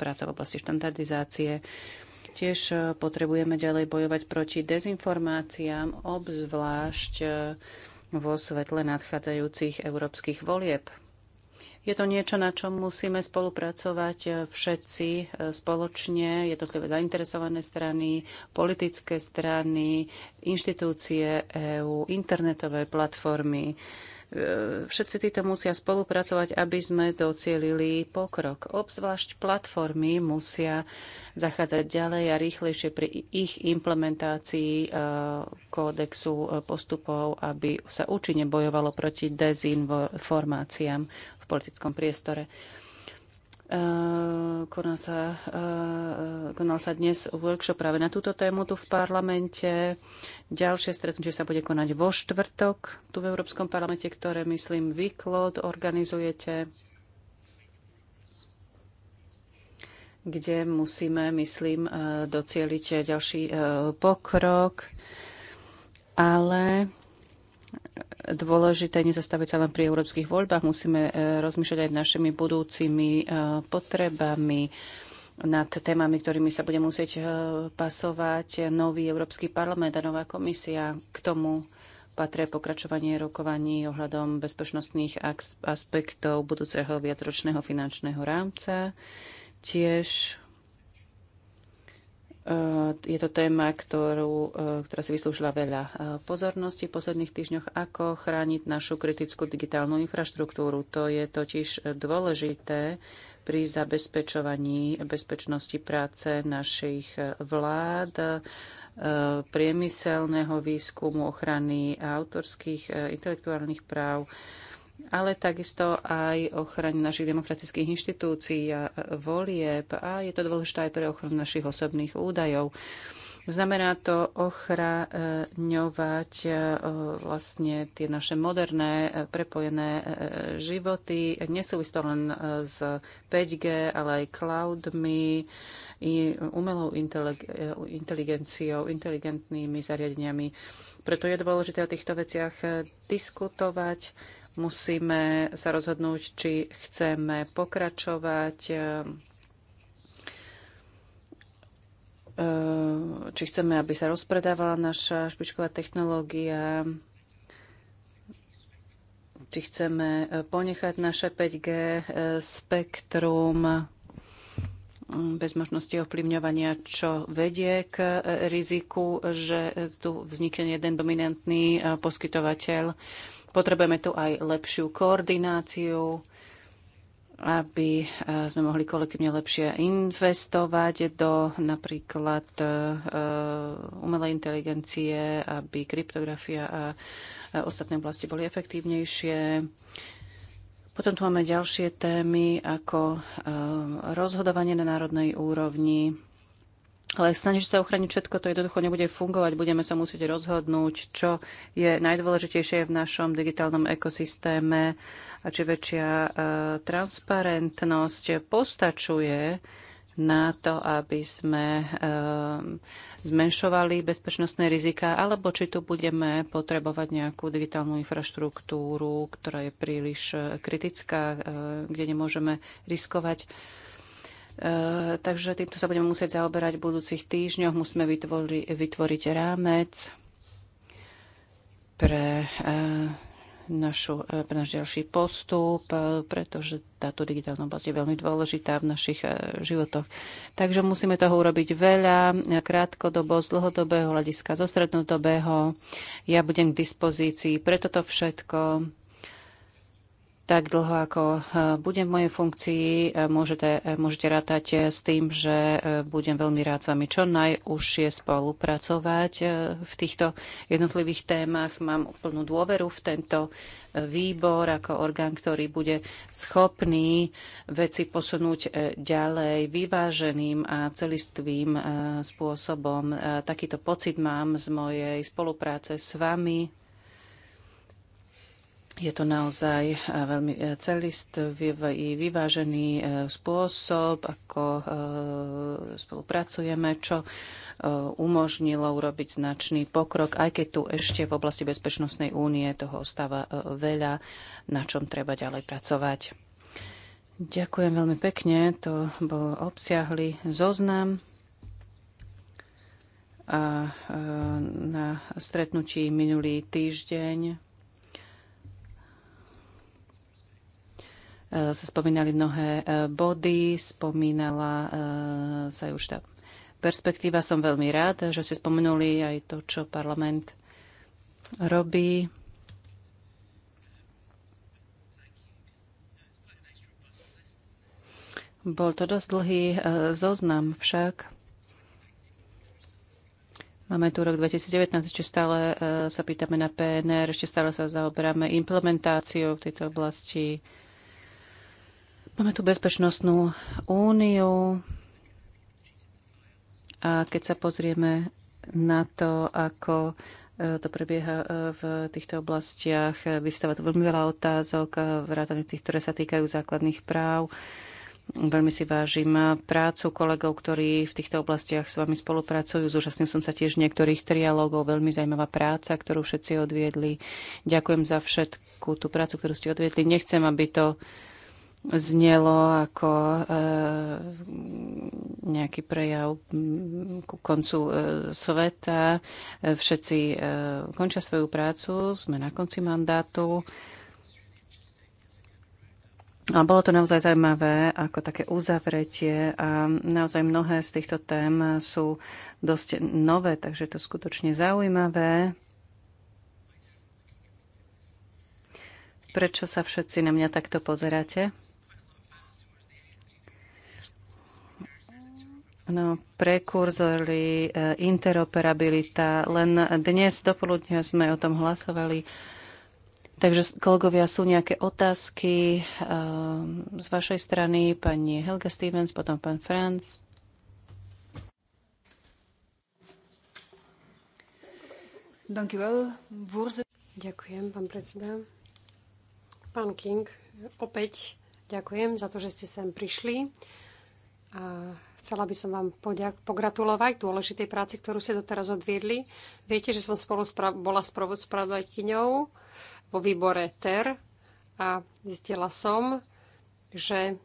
práca v oblasti štandardizácie. Tiež e, potrebujeme ďalej bojovať proti dezinformáciám, obzvlášť e, vo svetle nadchádzajúcich európskych volieb. Je to niečo, na čom musíme spolupracovať eh, všetci eh, spoločne, jednotlivé zainteresované strany, politické strany, inštitúcie EÚ, internetové platformy. Eh, všetci títo musia spolupracovať, aby sme docielili pokrok. Obzvlášť platformy musia zachádzať ďalej a rýchlejšie pri ich implementácii kódexu postupov, aby sa účinne bojovalo proti dezinformáciám politickom priestore. Eh, konal sa, eh, konal sa dnes workshop práve na túto tému tu v parlamente. Ďalšie stretnutie sa bude konať vo štvrtok tu v Európskom parlamente, ktoré, myslím, vy, Klod, organizujete. kde musíme, myslím, eh, docieliť ďalší pokrok. Ale dôležité nezastaviť sa len pri európskych voľbách. Musíme e, rozmýšľať aj našimi budúcimi e, potrebami nad témami, ktorými sa bude musieť e, pasovať nový Európsky parlament a nová komisia. K tomu patrí pokračovanie rokovaní ohľadom bezpečnostných aspektov budúceho viacročného finančného rámca. Tiež je to téma, ktorú, e, ktorá si vyslúžila veľa e, pozornosti v posledných týždňoch, ako chrániť našu kritickú digitálnu infraštruktúru. To je totiž dôležité pri zabezpečovaní bezpečnosti práce našich vlád, e, priemyselného výskumu, ochrany autorských intelektuálnych práv ale takisto aj ochrane našich demokratických inštitúcií a volieb a je to dôležité aj pre ochranu našich osobných údajov. Znamená to ochraňovať e, vlastne tie naše moderné e, prepojené e, životy. nesúvisto to len s 5G, ale aj cloudmi, umelou inteligenciou, inteligentnými zariadeniami. Preto je dôležité o týchto veciach diskutovať Musíme sa rozhodnúť, či chceme pokračovať, e, e, či chceme, aby sa rozpredávala naša špičková technológia, či chceme e, ponechať naše 5G spektrum mm, bez možnosti ovplyvňovania, čo vedie k riziku, že tu vznikne jeden dominantný poskytovateľ Potrebujeme tu aj lepšiu koordináciu, aby e, sme mohli kolektívne lepšie investovať do napríklad e, e, umelej inteligencie, aby kryptografia a ostatné oblasti boli efektívnejšie. Potom tu máme ďalšie témy ako rozhodovanie na národnej úrovni, ale snažiť sa ochrániť všetko, to jednoducho nebude fungovať. Budeme sa musieť rozhodnúť, čo je najdôležitejšie v našom digitálnom ekosystéme a či väčšia e, transparentnosť postačuje na to, aby sme e, zmenšovali bezpečnostné rizika, alebo či tu budeme potrebovať nejakú digitálnu infraštruktúru, ktorá je príliš kritická, e, kde nemôžeme riskovať. Eh, takže týmto sa budeme musieť zaoberať v budúcich týždňoch. Musíme vytvori, vytvoriť rámec pre, eh, našu, eh, pre náš ďalší postup, pretože táto digitálna oblasť je veľmi dôležitá v našich životoch. Takže musíme toho urobiť veľa, krátkodobo, z dlhodobého hľadiska, zo strednodobého. Ja budem k dispozícii pre toto všetko tak dlho, ako e, budem v mojej funkcii, e, môžete, e, môžete rátať s tým, že budem veľmi rád s vami čo najúžšie spolupracovať v týchto jednotlivých témach. Mám úplnú dôveru v tento výbor ako orgán, ktorý bude schopný veci posunúť ďalej vyváženým a celistvým spôsobom. Takýto pocit mám z mojej spolupráce s vami, je to naozaj e, veľmi e, celistvý, vyvážený e, spôsob, ako spolupracujeme, čo umožnilo urobiť značný pokrok, aj keď tu ešte v oblasti Bezpečnostnej únie toho ostáva veľa, na čom treba ďalej pracovať. Ďakujem veľmi pekne, to bol obsiahly zoznam a na stretnutí minulý týždeň Eh, sa spomínali mnohé eh, body, spomínala eh, sa už tá perspektíva. Som veľmi rád, že ste spomenuli aj to, čo parlament robí. Bol to dosť dlhý zoznam však. Máme tu rok 2019, ešte stále sa pýtame na PNR, ešte stále sa zaoberáme implementáciou v tejto oblasti Máme tu bezpečnostnú úniu a keď sa pozrieme na to, ako e, to prebieha e, v týchto oblastiach, e, vyvstáva tu veľmi veľa otázok, vrátane tých, ktoré sa týkajú základných práv. Veľmi si vážim prácu kolegov, ktorí v týchto oblastiach s vami spolupracujú. Zúčastnil som sa tiež niektorých trialógov. Veľmi zaujímavá práca, ktorú všetci odviedli. Ďakujem za všetku tú prácu, ktorú ste odviedli. Nechcem, aby to znelo ako e, nejaký prejav ku koncu e, sveta. E, všetci končia svoju prácu, sme na konci mandátu. A bolo to naozaj zaujímavé ako také uzavretie a naozaj mnohé z týchto tém sú dosť nové, takže je to skutočne zaujímavé. Prečo sa všetci na mňa takto pozeráte? No, prekurzory, eh, interoperabilita. Len dnes dopoludnia sme o tom hlasovali. Takže, kolegovia, sú nejaké otázky eh, z vašej strany? Pani Helga Stevens, potom
pán Franz. Ďakujem, pán predseda. Pán King, opäť ďakujem za to, že ste sem prišli. A Chcela by som vám pogratulovať dôležitej práci, ktorú ste doteraz odviedli. Viete, že som spolu spra- bola spravodajkyňou vo výbore TER a zistila som, že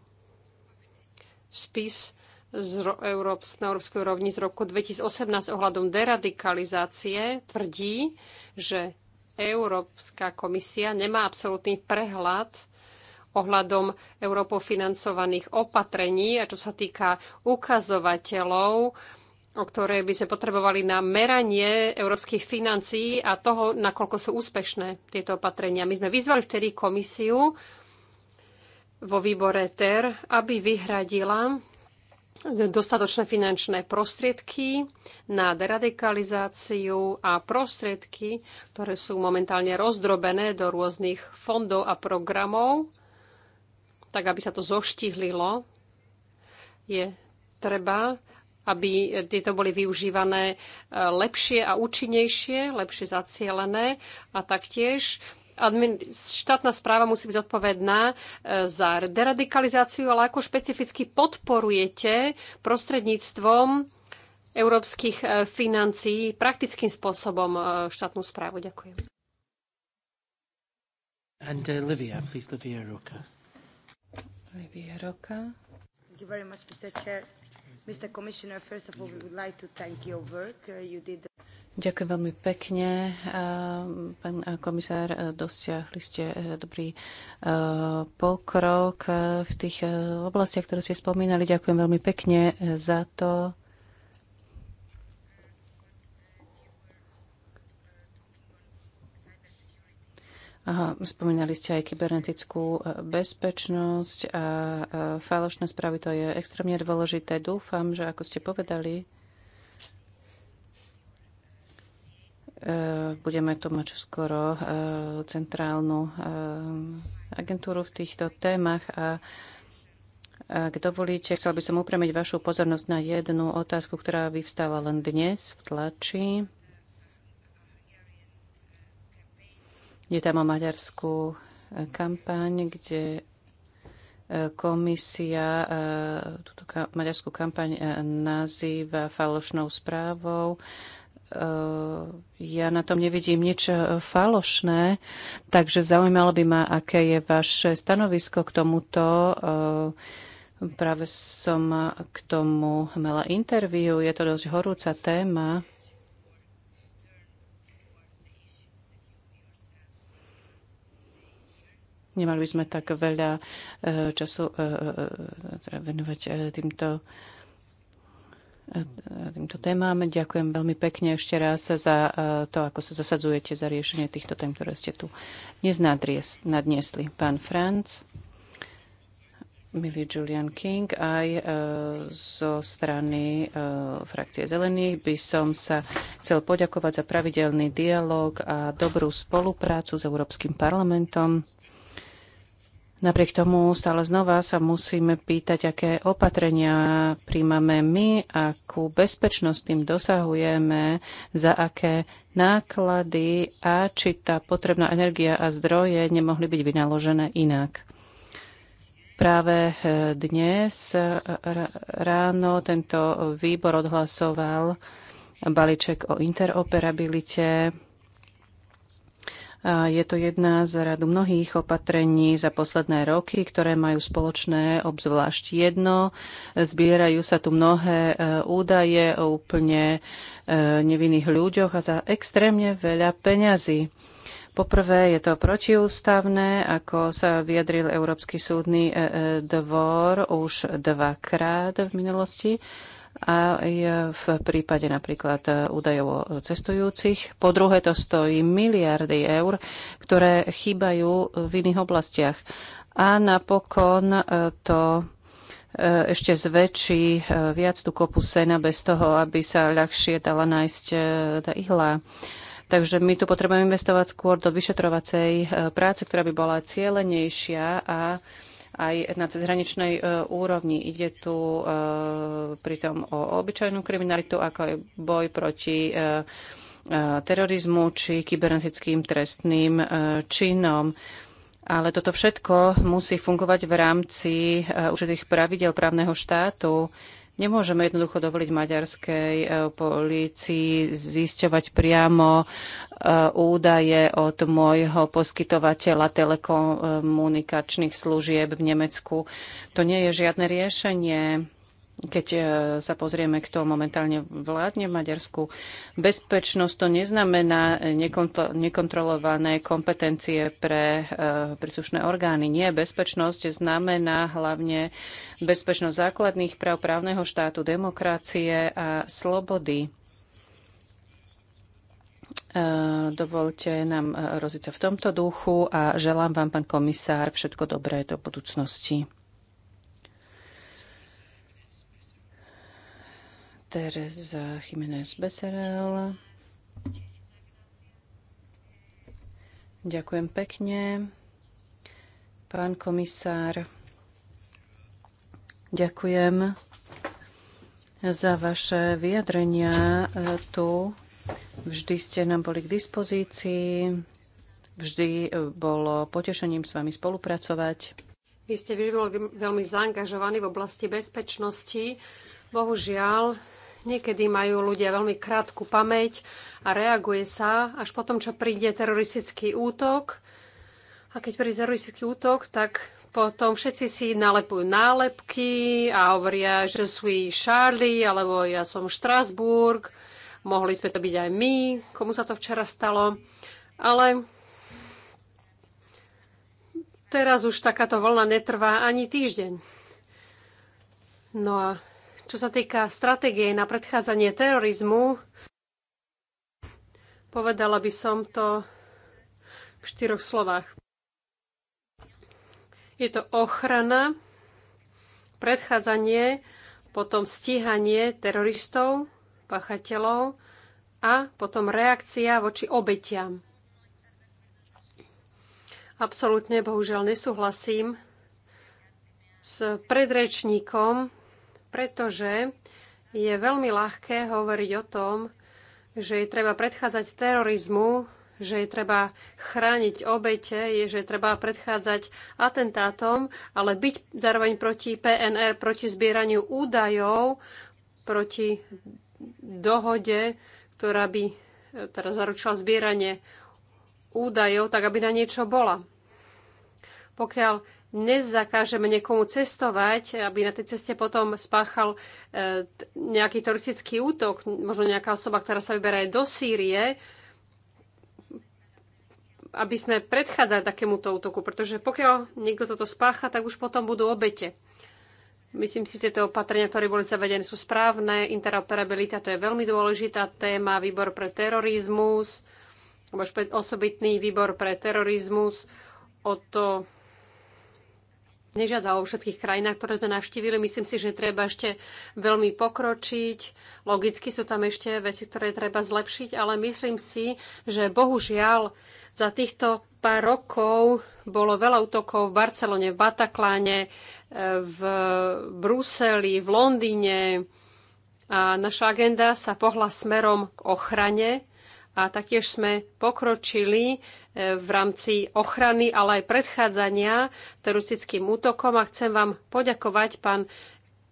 spis z Európs- na európskej úrovni z roku 2018 ohľadom deradikalizácie tvrdí, že Európska komisia nemá absolútny prehľad ohľadom Európou financovaných opatrení a čo sa týka ukazovateľov, o ktoré by sme potrebovali na meranie európskych financií a toho, nakoľko sú úspešné tieto opatrenia. My sme vyzvali vtedy komisiu vo výbore TER, aby vyhradila dostatočné finančné prostriedky na deradikalizáciu a prostriedky, ktoré sú momentálne rozdrobené do rôznych fondov a programov tak aby sa to zoštihlilo, je treba, aby tieto boli využívané e, lepšie a účinnejšie, lepšie zacielené a taktiež štátna správa musí byť odpovedná e, za deradikalizáciu, ale ako špecificky podporujete prostredníctvom európskych e, financií praktickým spôsobom štátnu správu. Ďakujem.
And uh, Livia, please, Livia Thank
you very much, Mr. Chair. Mr. Commissioner, first of all, we would like to thank your work. Uh, you did
Ďakujem veľmi pekne. Pán komisár, e, dosiahli ste e, dobrý e, pokrok v tých oblastiach, ktoré ste spomínali. Ďakujem veľmi pekne za to. Aha, spomínali ste aj kybernetickú e, bezpečnosť a e, falošné správy, to je extrémne dôležité. Dúfam, že ako ste povedali, e, budeme tu mať skoro centrálnu agentúru v týchto témach a ak dovolíte, chcel by som upremiť vašu pozornosť na jednu otázku, ktorá vyvstala len dnes v tlači. Je tam o maďarskú e, kampaň, kde e, komisia e, túto maďarskú kampaň nazýva falošnou správou. Ja na tom nevidím nič falošné, takže zaujímalo by ma, aké je vaše stanovisko k tomuto. Práve som k tomu mala interviu, je to dosť horúca téma. Nemali by sme tak veľa eh, času eh, eh, teda venovať týmto týmto témam. Ďakujem veľmi pekne ešte raz za to, ako sa zasadzujete za riešenie týchto tém, ktoré ste tu dnes nadniesli. Pán Franc, milý Julian King, aj zo strany frakcie Zelených by som sa chcel poďakovať za pravidelný dialog a dobrú spoluprácu s Európskym parlamentom. Napriek tomu stále znova sa musíme pýtať, aké opatrenia príjmame my, akú bezpečnosť tým dosahujeme, za aké náklady a či tá potrebná energia a zdroje nemohli byť vynaložené inak. Práve eh, dnes eh, ráno tento výbor odhlasoval balíček o interoperabilite je to jedna z radu mnohých opatrení za posledné roky, ktoré majú spoločné obzvlášť jedno. Zbierajú sa tu mnohé e, údaje o úplne e, nevinných ľuďoch a za extrémne veľa peňazí. Poprvé je to protiústavné, ako sa vyjadril Európsky súdny e, dvor už dvakrát v minulosti a v prípade napríklad e, údajov o cestujúcich. Po druhé, to stojí miliardy eur, ktoré chýbajú v iných oblastiach. A napokon e, to e, ešte zväčší viac tú kopu sena bez toho, aby sa ľahšie dala nájsť tá ihla. Takže my tu potrebujeme investovať skôr do vyšetrovacej práce, ktorá by bola cielenejšia a aj na cezhraničnej e, úrovni. Ide tu e, pritom o obyčajnú kriminalitu, ako aj boj proti e, terorizmu či kybernetickým trestným činom. Ale toto všetko musí fungovať v rámci určitých pravidel právneho štátu. Nemôžeme jednoducho dovoliť maďarskej e, polícii zisťovať priamo e, údaje od môjho poskytovateľa telekomunikačných služieb v Nemecku. To nie je žiadne riešenie keď e, sa pozrieme, kto momentálne vládne v Maďarsku, bezpečnosť to neznamená nekontrolované kompetencie pre e, príslušné orgány. Nie, bezpečnosť znamená hlavne bezpečnosť základných práv právneho štátu, demokracie a slobody. E, dovolte nám roziť sa v tomto duchu a želám vám, pán komisár, všetko dobré do budúcnosti. Teresa Jiménez Beserel. Ďakujem pekne. Pán komisár, ďakujem za vaše vyjadrenia tu. Vždy ste nám boli k dispozícii. Vždy eh, bolo potešením s vami spolupracovať.
Vy ste vždy boli veľmi zaangažovaní v oblasti bezpečnosti. Bohužiaľ, Niekedy majú ľudia veľmi krátku pamäť a reaguje sa až potom, čo príde teroristický útok. A keď príde teroristický útok, tak potom všetci si nalepujú nálepky a hovoria, že sú Charlie, alebo ja som Štrasburg. Mohli sme to byť aj my, komu sa to včera stalo. Ale teraz už takáto vlna netrvá ani týždeň. No a čo sa týka stratégie na predchádzanie terorizmu, povedala by som to v štyroch slovách. Je to ochrana, predchádzanie, potom stíhanie teroristov, pachateľov a potom reakcia voči obetiam. Absolútne bohužiaľ nesúhlasím s predrečníkom, pretože je veľmi ľahké hovoriť o tom, že je treba predchádzať terorizmu, že je treba chrániť obete, je, že je treba predchádzať atentátom, ale byť zároveň proti PNR, proti zbieraniu údajov, proti dohode, ktorá by teda zaručila zbieranie údajov, tak aby na niečo bola. Pokiaľ nezakážeme niekomu cestovať, aby na tej ceste potom spáchal e, nejaký teroristický útok, možno nejaká osoba, ktorá sa vyberá do Sýrie, aby sme predchádzali takémuto útoku, pretože pokiaľ niekto toto spácha, tak už potom budú obete. Myslím si, že tieto opatrenia, ktoré boli zavedené, sú správne. Interoperabilita to je veľmi dôležitá téma. Výbor pre terorizmus, alebo osobitný výbor pre terorizmus. O to nežiada o všetkých krajinách, ktoré sme navštívili. Myslím si, že treba ešte veľmi pokročiť. Logicky sú tam ešte veci, ktoré treba zlepšiť, ale myslím si, že bohužiaľ za týchto pár rokov bolo veľa útokov v Barcelone, v Batakláne, e, v Bruseli, v Londýne a naša agenda sa pohla smerom k ochrane a taktiež sme pokročili e, v rámci ochrany, ale aj predchádzania teroristickým útokom a chcem vám poďakovať, pán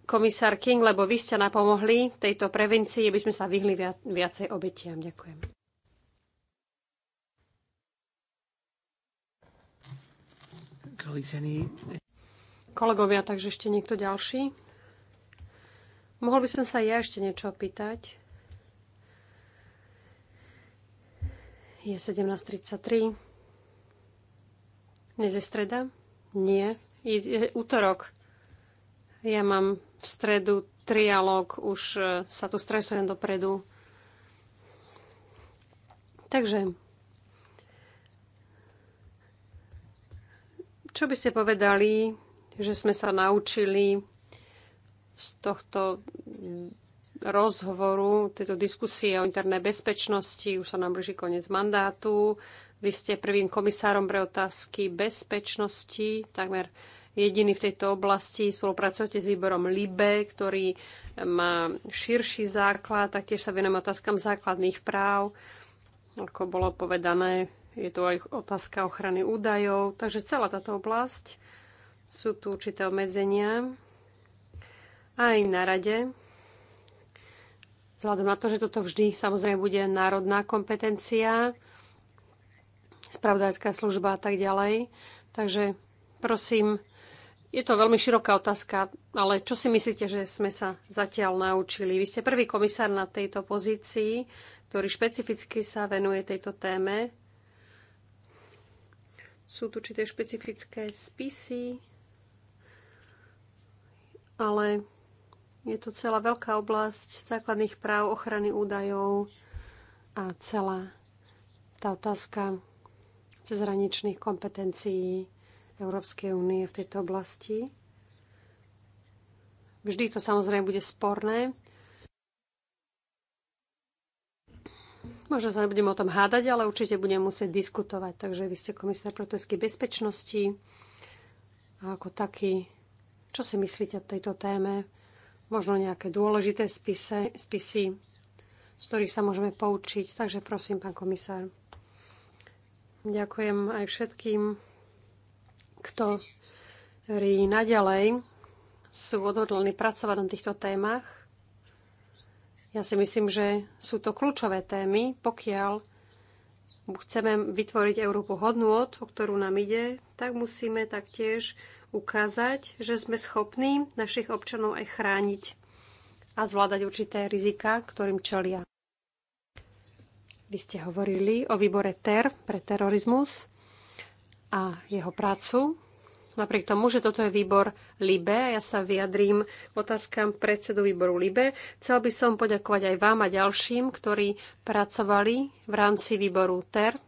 komisár King, lebo vy ste napomohli tejto prevencii, aby sme sa vyhli viacej obetiam. Ďakujem. Kolegovia, takže ešte niekto ďalší? Mohol by som sa ja ešte niečo opýtať? Je 17.33. Dnes je streda? Nie. Je, je útorok. Ja mám v stredu trialog, už e, sa tu stresujem dopredu. Takže, čo by ste povedali, že sme sa naučili z tohto rozhovoru, tejto diskusie o internej bezpečnosti. Už sa nám blíži koniec mandátu. Vy ste prvým komisárom pre otázky bezpečnosti, takmer jediný v tejto oblasti. Spolupracujete s výborom LIBE, ktorý má širší základ, taktiež sa venujeme otázkam základných práv. Ako bolo povedané, je tu aj otázka ochrany údajov, takže celá táto oblasť sú tu určité obmedzenia aj na rade vzhľadom na to, že toto vždy samozrejme bude národná kompetencia, spravodajská služba a tak ďalej. Takže prosím, je to veľmi široká otázka, ale čo si myslíte, že sme sa zatiaľ naučili? Vy ste prvý komisár na tejto pozícii, ktorý špecificky sa venuje tejto téme. Sú tu určité špecifické spisy, ale je to celá veľká oblasť základných práv, ochrany údajov a celá tá otázka cezhraničných kompetencií Európskej únie v tejto oblasti. Vždy to samozrejme bude sporné. Možno sa nebudeme o tom hádať, ale určite budeme musieť diskutovať. Takže vy ste komisár protestky bezpečnosti a ako taký. Čo si myslíte o tejto téme? možno nejaké dôležité spise, spisy, z ktorých sa môžeme poučiť. Takže prosím, pán komisár. Ďakujem aj všetkým, ktorí naďalej sú odhodlení pracovať na týchto témach. Ja si myslím, že sú to kľúčové témy, pokiaľ chceme vytvoriť Európu hodnôt, o ktorú nám ide, tak musíme taktiež ukázať, že sme schopní našich občanov aj chrániť a zvládať určité rizika, ktorým čelia. Vy ste hovorili o výbore TER pre terorizmus a jeho prácu. Napriek tomu, že toto je výbor LIBE, ja sa vyjadrím k otázkam predsedu výboru LIBE. Chcel by som poďakovať aj vám a ďalším, ktorí pracovali v rámci výboru TER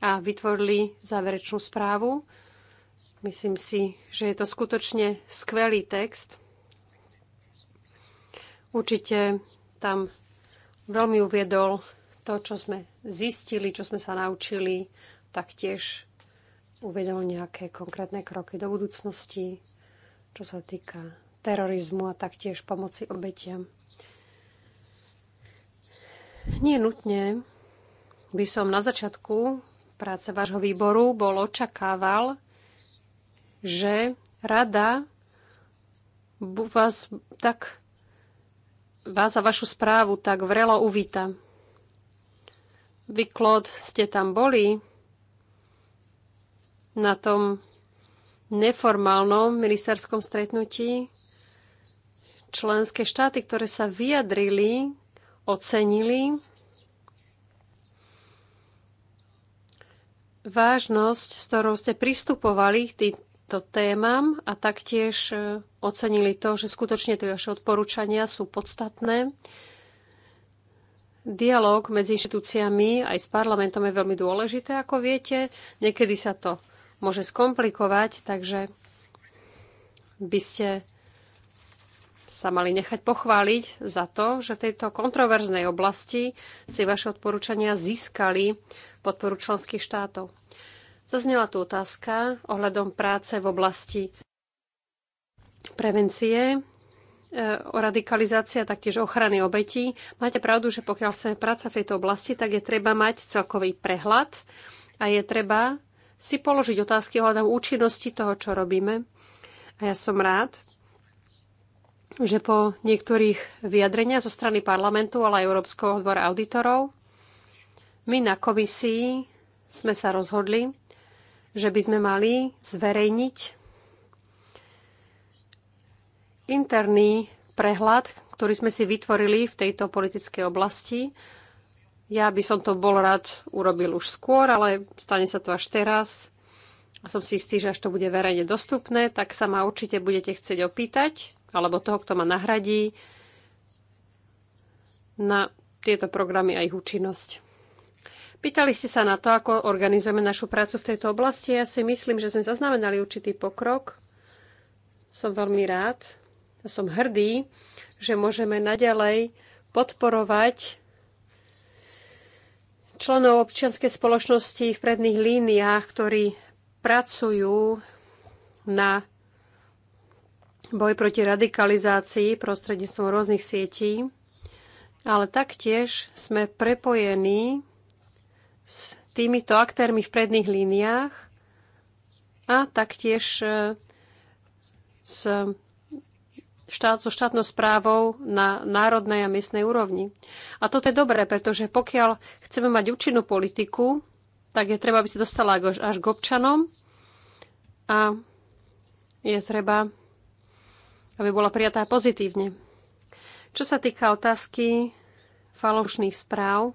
a vytvorili záverečnú správu. Myslím si, že je to skutočne skvelý text. Určite tam veľmi uviedol to, čo sme zistili, čo sme sa naučili, taktiež uvedol nejaké konkrétne kroky do budúcnosti, čo sa týka terorizmu a taktiež pomoci obetiam. Nie nutne by som na začiatku práce vášho výboru bol očakával, že rada vás tak vás a vašu správu tak vrelo uvíta. Vy, Klod, ste tam boli, na tom neformálnom ministerskom stretnutí členské štáty, ktoré sa vyjadrili, ocenili vážnosť, s ktorou ste pristupovali k týmto témam a taktiež e, ocenili to, že skutočne tie vaše odporúčania sú podstatné. Dialóg medzi inštitúciami aj s parlamentom je veľmi dôležité, ako viete. Niekedy sa to môže skomplikovať, takže by ste sa mali nechať pochváliť za to, že v tejto kontroverznej oblasti si vaše odporúčania získali podporu členských štátov. Zaznela tu otázka ohľadom práce v oblasti prevencie, e, o radikalizácii a taktiež ochrany obetí. Máte pravdu, že pokiaľ chceme práca v tejto oblasti, tak je treba mať celkový prehľad a je treba si položiť otázky ohľadom účinnosti toho, čo robíme. A ja som rád, že po niektorých vyjadreniach zo strany parlamentu, ale aj Európskeho dvora auditorov, my na komisii sme sa rozhodli, že by sme mali zverejniť interný prehľad, ktorý sme si vytvorili v tejto politickej oblasti ja by som to bol rád urobil už skôr, ale stane sa to až teraz. A som si istý, že až to bude verejne dostupné, tak sa ma určite budete chcieť opýtať, alebo toho, kto ma nahradí, na tieto programy a ich účinnosť. Pýtali ste sa na to, ako organizujeme našu prácu v tejto oblasti. Ja si myslím, že sme zaznamenali určitý pokrok. Som veľmi rád a som hrdý, že môžeme naďalej podporovať členov občianskej spoločnosti v predných líniách, ktorí pracujú na boj proti radikalizácii prostredníctvom rôznych sietí, ale taktiež sme prepojení s týmito aktérmi v predných líniách a taktiež e, s štát, so štátnou správou na národnej a miestnej úrovni. A toto je dobré, pretože pokiaľ chceme mať účinnú politiku, tak je treba, aby sa dostala až k občanom a je treba, aby bola prijatá pozitívne. Čo sa týka otázky falošných správ,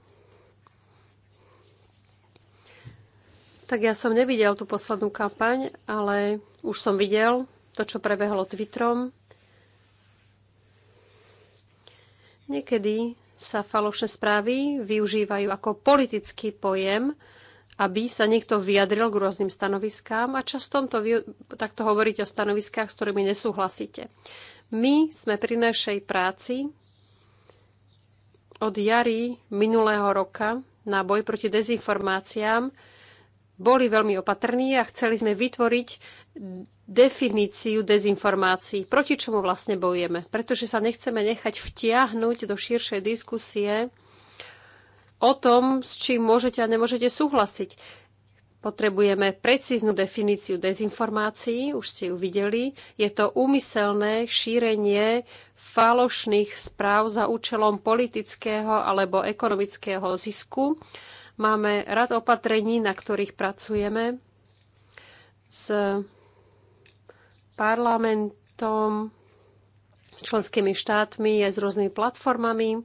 tak ja som nevidel tú poslednú kampaň, ale už som videl to, čo prebehlo Twitterom Niekedy sa falošné správy využívajú ako politický pojem, aby sa niekto vyjadril k rôznym stanoviskám a často to vy, takto hovoríte o stanoviskách, s ktorými nesúhlasíte. My sme pri našej práci od jary minulého roka na boj proti dezinformáciám boli veľmi opatrní a chceli sme vytvoriť definíciu dezinformácií, proti čomu vlastne bojujeme. Pretože sa nechceme nechať vtiahnuť do širšej diskusie o tom, s čím môžete a nemôžete súhlasiť. Potrebujeme precíznu definíciu dezinformácií, už ste ju videli. Je to úmyselné šírenie falošných správ za účelom politického alebo ekonomického zisku. Máme rad opatrení, na ktorých pracujeme s parlamentom, s členskými štátmi, aj s rôznymi platformami.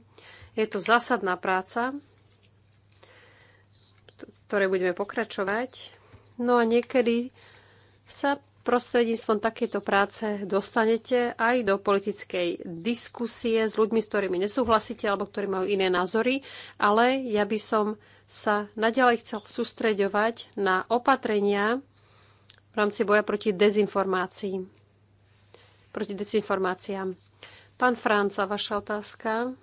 Je to zásadná práca, ktorej budeme pokračovať. No a niekedy sa prostredníctvom takéto práce dostanete aj do politickej diskusie s ľuďmi, s ktorými nesúhlasíte alebo ktorí majú iné názory, ale ja by som sa naďalej chcel sústreďovať na opatrenia, v rámci boja proti dezinformácii. Proti dezinformáciám. Pán Franca, vaša otázka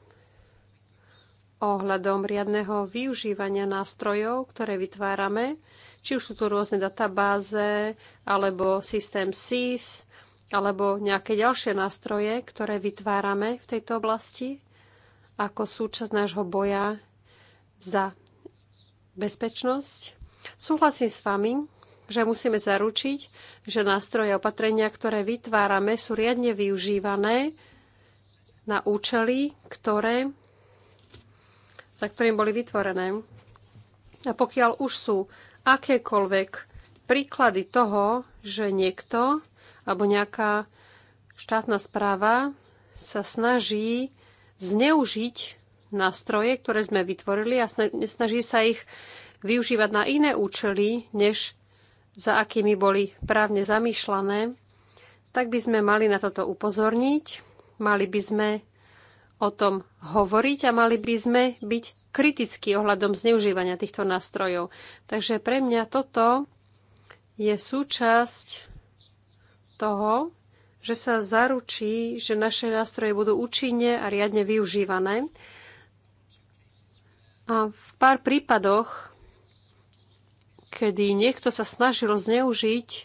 ohľadom riadneho využívania nástrojov, ktoré vytvárame, či už sú tu rôzne databáze, alebo systém SIS, alebo nejaké ďalšie nástroje, ktoré vytvárame v tejto oblasti ako súčasť nášho boja za bezpečnosť. Súhlasím s vami, že musíme zaručiť, že nástroje a opatrenia, ktoré vytvárame, sú riadne využívané na účely, ktoré, za ktorým boli vytvorené. A pokiaľ už sú akékoľvek príklady toho, že niekto alebo nejaká štátna správa sa snaží zneužiť nástroje, ktoré sme vytvorili a snaží sa ich využívať na iné účely, než za akými boli právne zamýšľané, tak by sme mali na toto upozorniť, mali by sme o tom hovoriť a mali by sme byť kritickí ohľadom zneužívania týchto nástrojov. Takže pre mňa toto je súčasť toho, že sa zaručí, že naše nástroje budú účinne a riadne využívané. A v pár prípadoch kedy niekto sa snažil zneužiť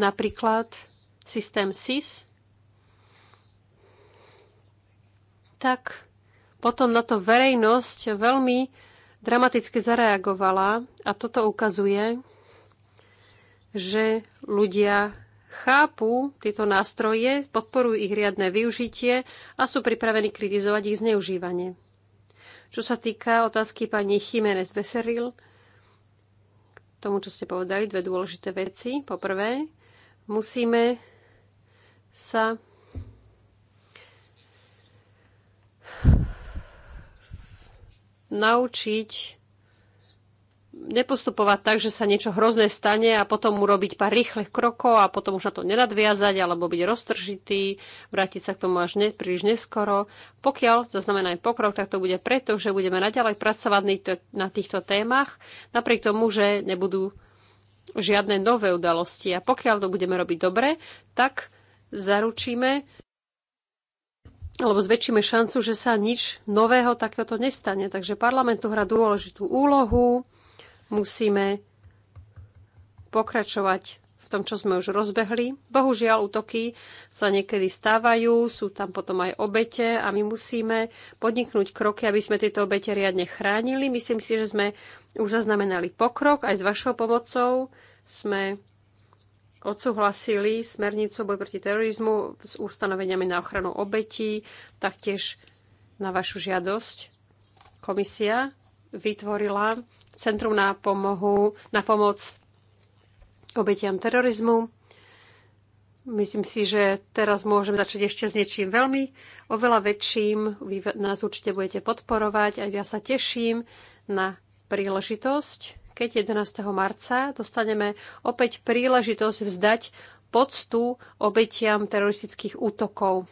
napríklad systém SIS, tak potom na to verejnosť veľmi dramaticky zareagovala a toto ukazuje, že ľudia chápu tieto nástroje, podporujú ich riadne využitie a sú pripravení kritizovať ich zneužívanie. Čo sa týka otázky pani Jiménez Beseril, tomu, čo ste povedali, dve dôležité veci. Poprvé, musíme sa naučiť nepostupovať tak, že sa niečo hrozné stane a potom urobiť pár rýchlych krokov a potom už na to nenadviazať alebo byť roztržitý, vrátiť sa k tomu až ne, príliš neskoro. Pokiaľ zaznamená aj pokrok, tak to bude preto, že budeme naďalej pracovať na týchto témach, napriek tomu, že nebudú žiadne nové udalosti. A pokiaľ to budeme robiť dobre, tak zaručíme alebo zväčšíme šancu, že sa nič nového takéhoto nestane. Takže parlament tu hrá dôležitú úlohu musíme pokračovať v tom, čo sme už rozbehli. Bohužiaľ, útoky sa niekedy stávajú, sú tam potom aj obete a my musíme podniknúť kroky, aby sme tieto obete riadne chránili. Myslím si, že sme už zaznamenali pokrok, aj s vašou pomocou sme odsúhlasili smernicu boj proti terorizmu s ustanoveniami na ochranu obetí, taktiež na vašu žiadosť. Komisia vytvorila centrum na, pomohu, na pomoc obetiam terorizmu. Myslím si, že teraz môžeme začať ešte s niečím veľmi oveľa väčším. Vy nás určite budete podporovať a ja sa teším na príležitosť, keď 11. marca dostaneme opäť príležitosť vzdať poctu obetiam teroristických útokov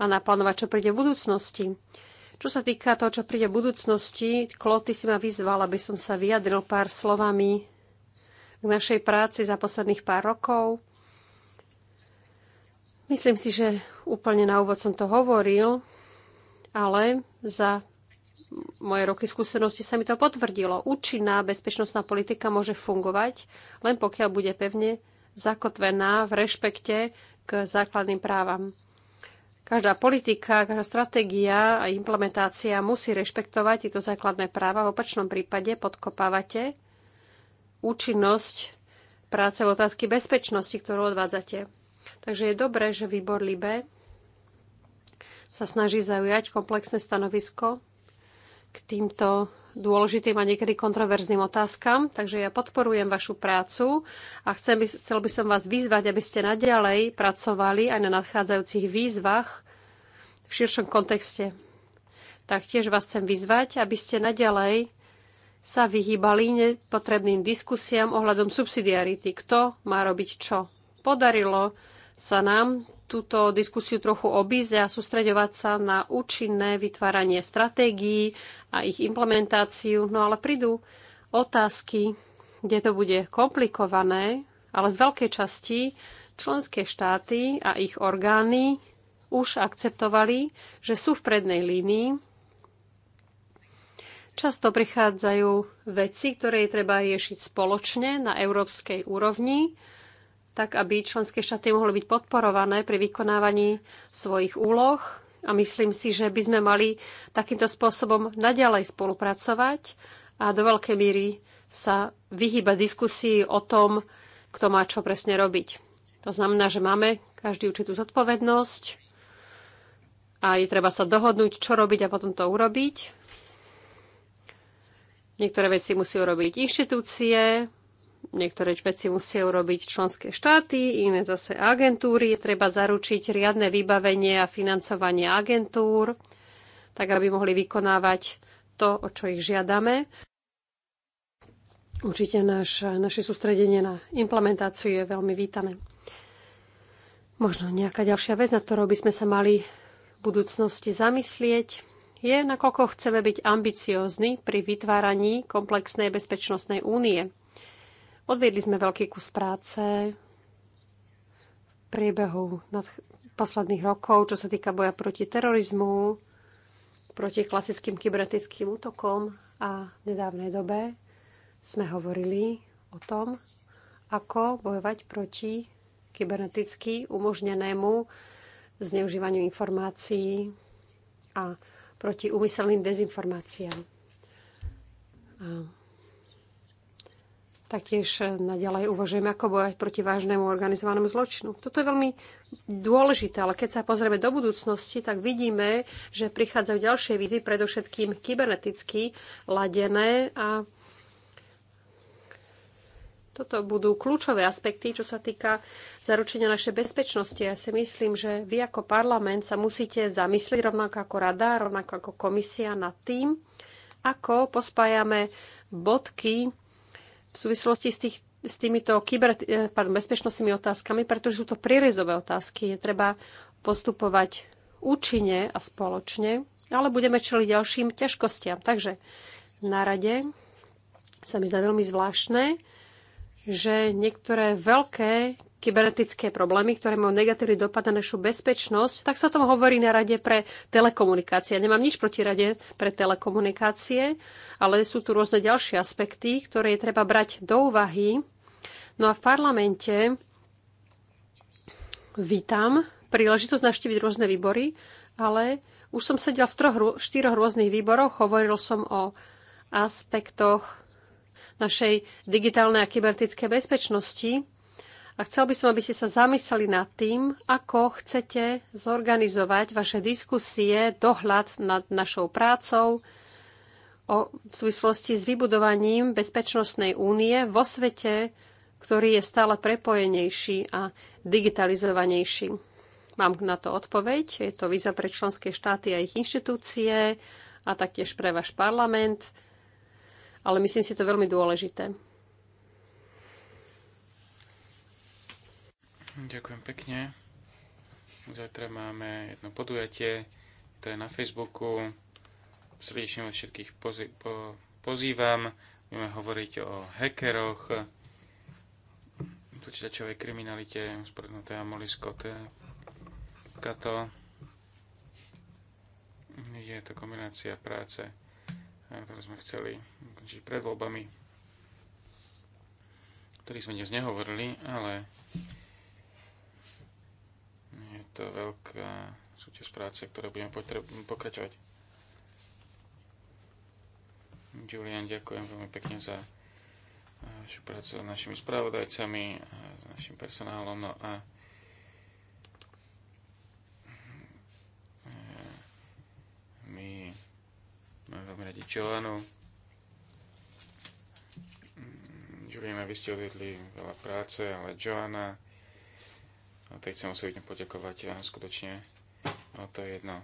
a naplánovať, čo príde v budúcnosti. Čo sa týka toho, čo príde v budúcnosti, Kloty si ma vyzval, aby som sa vyjadril pár slovami k našej práci za posledných pár rokov. Myslím si, že úplne na úvod som to hovoril, ale za moje roky skúsenosti sa mi to potvrdilo. Účinná bezpečnostná politika môže fungovať, len pokiaľ bude pevne zakotvená v rešpekte k základným právam. Každá politika, každá stratégia a implementácia musí rešpektovať tieto základné práva. V opačnom prípade podkopávate účinnosť práce v otázky bezpečnosti, ktorú odvádzate. Takže je dobré, že výbor LIBE sa snaží zaujať komplexné stanovisko týmto dôležitým a niekedy kontroverzným otázkam. Takže ja podporujem vašu prácu a chcem by, chcel by som vás vyzvať, aby ste naďalej pracovali aj na nadchádzajúcich výzvach v širšom kontexte. Taktiež vás chcem vyzvať, aby ste naďalej sa vyhýbali nepotrebným diskusiám ohľadom subsidiarity. Kto má robiť čo? Podarilo sa nám túto diskusiu trochu obísť a sústreďovať sa na účinné vytváranie stratégií a ich implementáciu. No ale prídu otázky, kde to bude komplikované, ale z veľkej časti členské štáty a ich orgány už akceptovali, že sú v prednej línii. Často prichádzajú veci, ktoré je treba riešiť spoločne na európskej úrovni tak aby členské štáty mohli byť podporované pri vykonávaní svojich úloh. A myslím si, že by sme mali takýmto spôsobom naďalej spolupracovať a do veľkej míry sa vyhýba diskusii o tom, kto má čo presne robiť. To znamená, že máme každý určitú zodpovednosť a je treba sa dohodnúť, čo robiť a potom to urobiť. Niektoré veci musí urobiť inštitúcie, niektoré veci musia urobiť členské štáty, iné zase agentúry. Treba zaručiť riadne vybavenie a financovanie agentúr, tak aby mohli vykonávať to, o čo ich žiadame. Určite naš, naše sústredenie na implementáciu je veľmi vítané. Možno nejaká ďalšia vec, na ktorou by sme sa mali v budúcnosti zamyslieť je, nakoľko chceme byť ambiciózni pri vytváraní komplexnej bezpečnostnej únie. Odviedli sme veľký kus práce v priebehu posledných rokov, čo sa týka boja proti terorizmu, proti klasickým kybernetickým útokom a v nedávnej dobe sme hovorili o tom, ako bojovať proti kyberneticky umožnenému zneužívaniu informácií a proti úmyselným dezinformáciám. A Taktiež e, naďalej uvažujeme, ako bojať proti vážnemu organizovanému zločinu. Toto je veľmi dôležité, ale keď sa pozrieme do budúcnosti, tak vidíme, že prichádzajú ďalšie vízy, predovšetkým kyberneticky ladené a toto budú kľúčové aspekty, čo sa týka zaručenia našej bezpečnosti. Ja si myslím, že vy ako parlament sa musíte zamyslieť rovnako ako rada, rovnako ako komisia nad tým, ako pospájame bodky v súvislosti s, tých, s týmito kyber, eh, pardon, bezpečnostnými otázkami, pretože sú to prírezové otázky. Je treba postupovať účinne a spoločne, ale budeme čeliť ďalším ťažkostiam. Takže na rade sa mi zdá veľmi zvláštne, že niektoré veľké kybernetické problémy, ktoré majú negatívny dopad na našu bezpečnosť, tak sa o tom hovorí na Rade pre telekomunikácie. Nemám nič proti Rade pre telekomunikácie, ale sú tu rôzne ďalšie aspekty, ktoré je treba brať do úvahy. No a v parlamente vítam príležitosť navštíviť rôzne výbory, ale už som sedel v troch, štyroch rôznych výboroch, hovoril som o aspektoch našej digitálnej a kybernetickej bezpečnosti a chcel by som, aby ste sa zamysleli nad tým, ako chcete zorganizovať vaše diskusie, dohľad nad našou prácou o, v súvislosti s vybudovaním Bezpečnostnej únie vo svete, ktorý je stále prepojenejší a digitalizovanejší. Mám na to odpoveď. Je to víza pre členské štáty a ich inštitúcie a taktiež pre váš parlament, ale myslím si to veľmi dôležité.
Ďakujem pekne. Zajtra máme jedno podujatie, to je na Facebooku. Srdečne vás všetkých pozý, po, pozývam. Budeme hovoriť o hackeroch, počítačovej kriminalite, usporednuté Molly Scott, eh, Kato. Je to kombinácia práce, eh, ktorú sme chceli ukončiť pred voľbami, ktorý sme dnes nehovorili, ale to je veľká súťaž práce, ktoré budeme pokračovať. Julian, ďakujem veľmi pekne za eh, vašu prácu s našimi spravodajcami, a s našim personálom. No a eh, my máme veľmi radi Joanu. Mm, Julian, vy ste odvedli veľa práce, ale Joana tak chcem osobitne poďakovať a skutočne no, to je jedna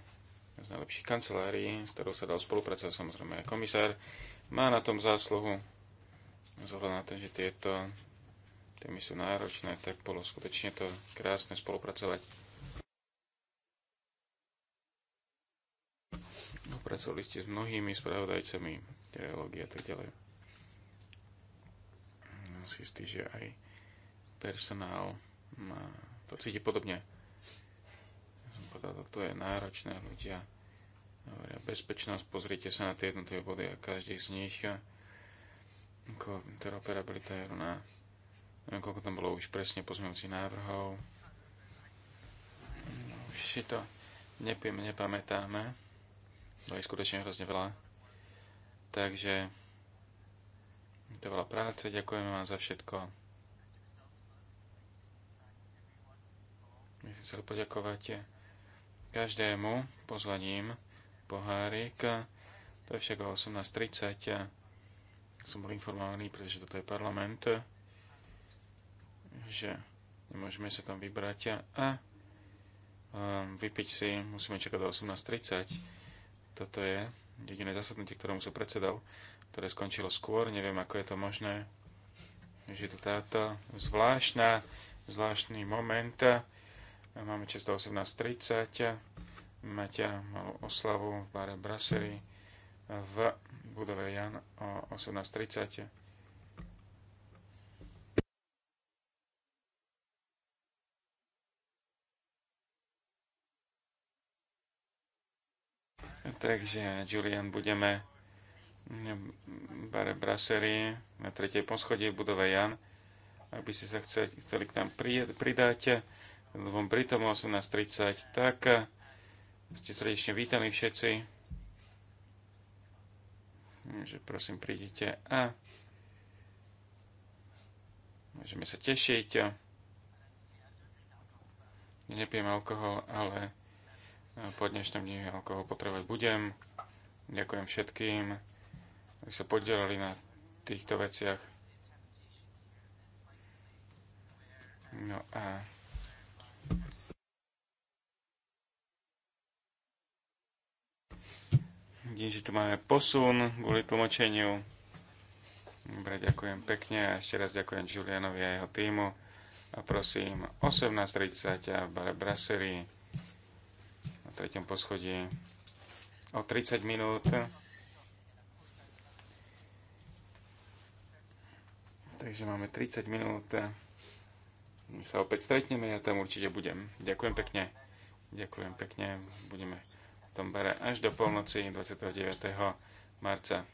z najlepších kancelárií, s ktorou sa dal spolupracovať samozrejme aj komisár. Má na tom zásluhu, zohľad na to, že tieto témy sú náročné, tak bolo skutočne to krásne spolupracovať. Pracovali ste s mnohými spravodajcami, teológie a tak ďalej. Som si istý, že aj personál má to cíti podobne. No, to povedal, je náročné, ľudia bezpečnosť, pozrite sa na tie jednotlivé body a každý z nich ako interoperabilita je rovná neviem koľko tam bolo už presne pozmeňujúcich návrhov no, už si to nepiem, nepamätáme to je skutočne hrozne veľa takže to je veľa práce ďakujeme vám za všetko by som chcel poďakovať každému pozvaním pohárik. To je však o 18.30. Som bol informovaný, pretože toto je parlament, že nemôžeme sa tam vybrať a ehm, vypiť si musíme čakať do 18.30. Toto je jediné zasadnutie, ktorému som predsedal, ktoré skončilo skôr. Neviem, ako je to možné, že je to táto zvláštna, zvláštny moment Máme čas do 18.30. Máte malú oslavu v bare Brasserie v budove Jan o 18.30. Takže, Julian, budeme v bare Brasserie na tretej poschodí v budove Jan. Ak by ste sa chceli k nám pridať, von Britom 18.30, tak eh, ste srdečne vítaní všetci. Takže prosím, prídite a môžeme sa tešiť. Nepijem alkohol, ale eh, po dnešnom dni alkohol potrebovať budem. Ďakujem všetkým, ktorí sa podielali na týchto veciach. No a Vidím, že tu máme posun kvôli tlmočeniu. Dobre, ďakujem pekne a ešte raz ďakujem Julianovi a jeho týmu. A prosím, 18.30 v bare Brasserie na tretom poschodí o 30 minút. Takže máme 30 minút. My sa opäť stretneme, ja tam určite budem. Ďakujem pekne. Ďakujem pekne. Budeme tom až do polnoci 29. marca.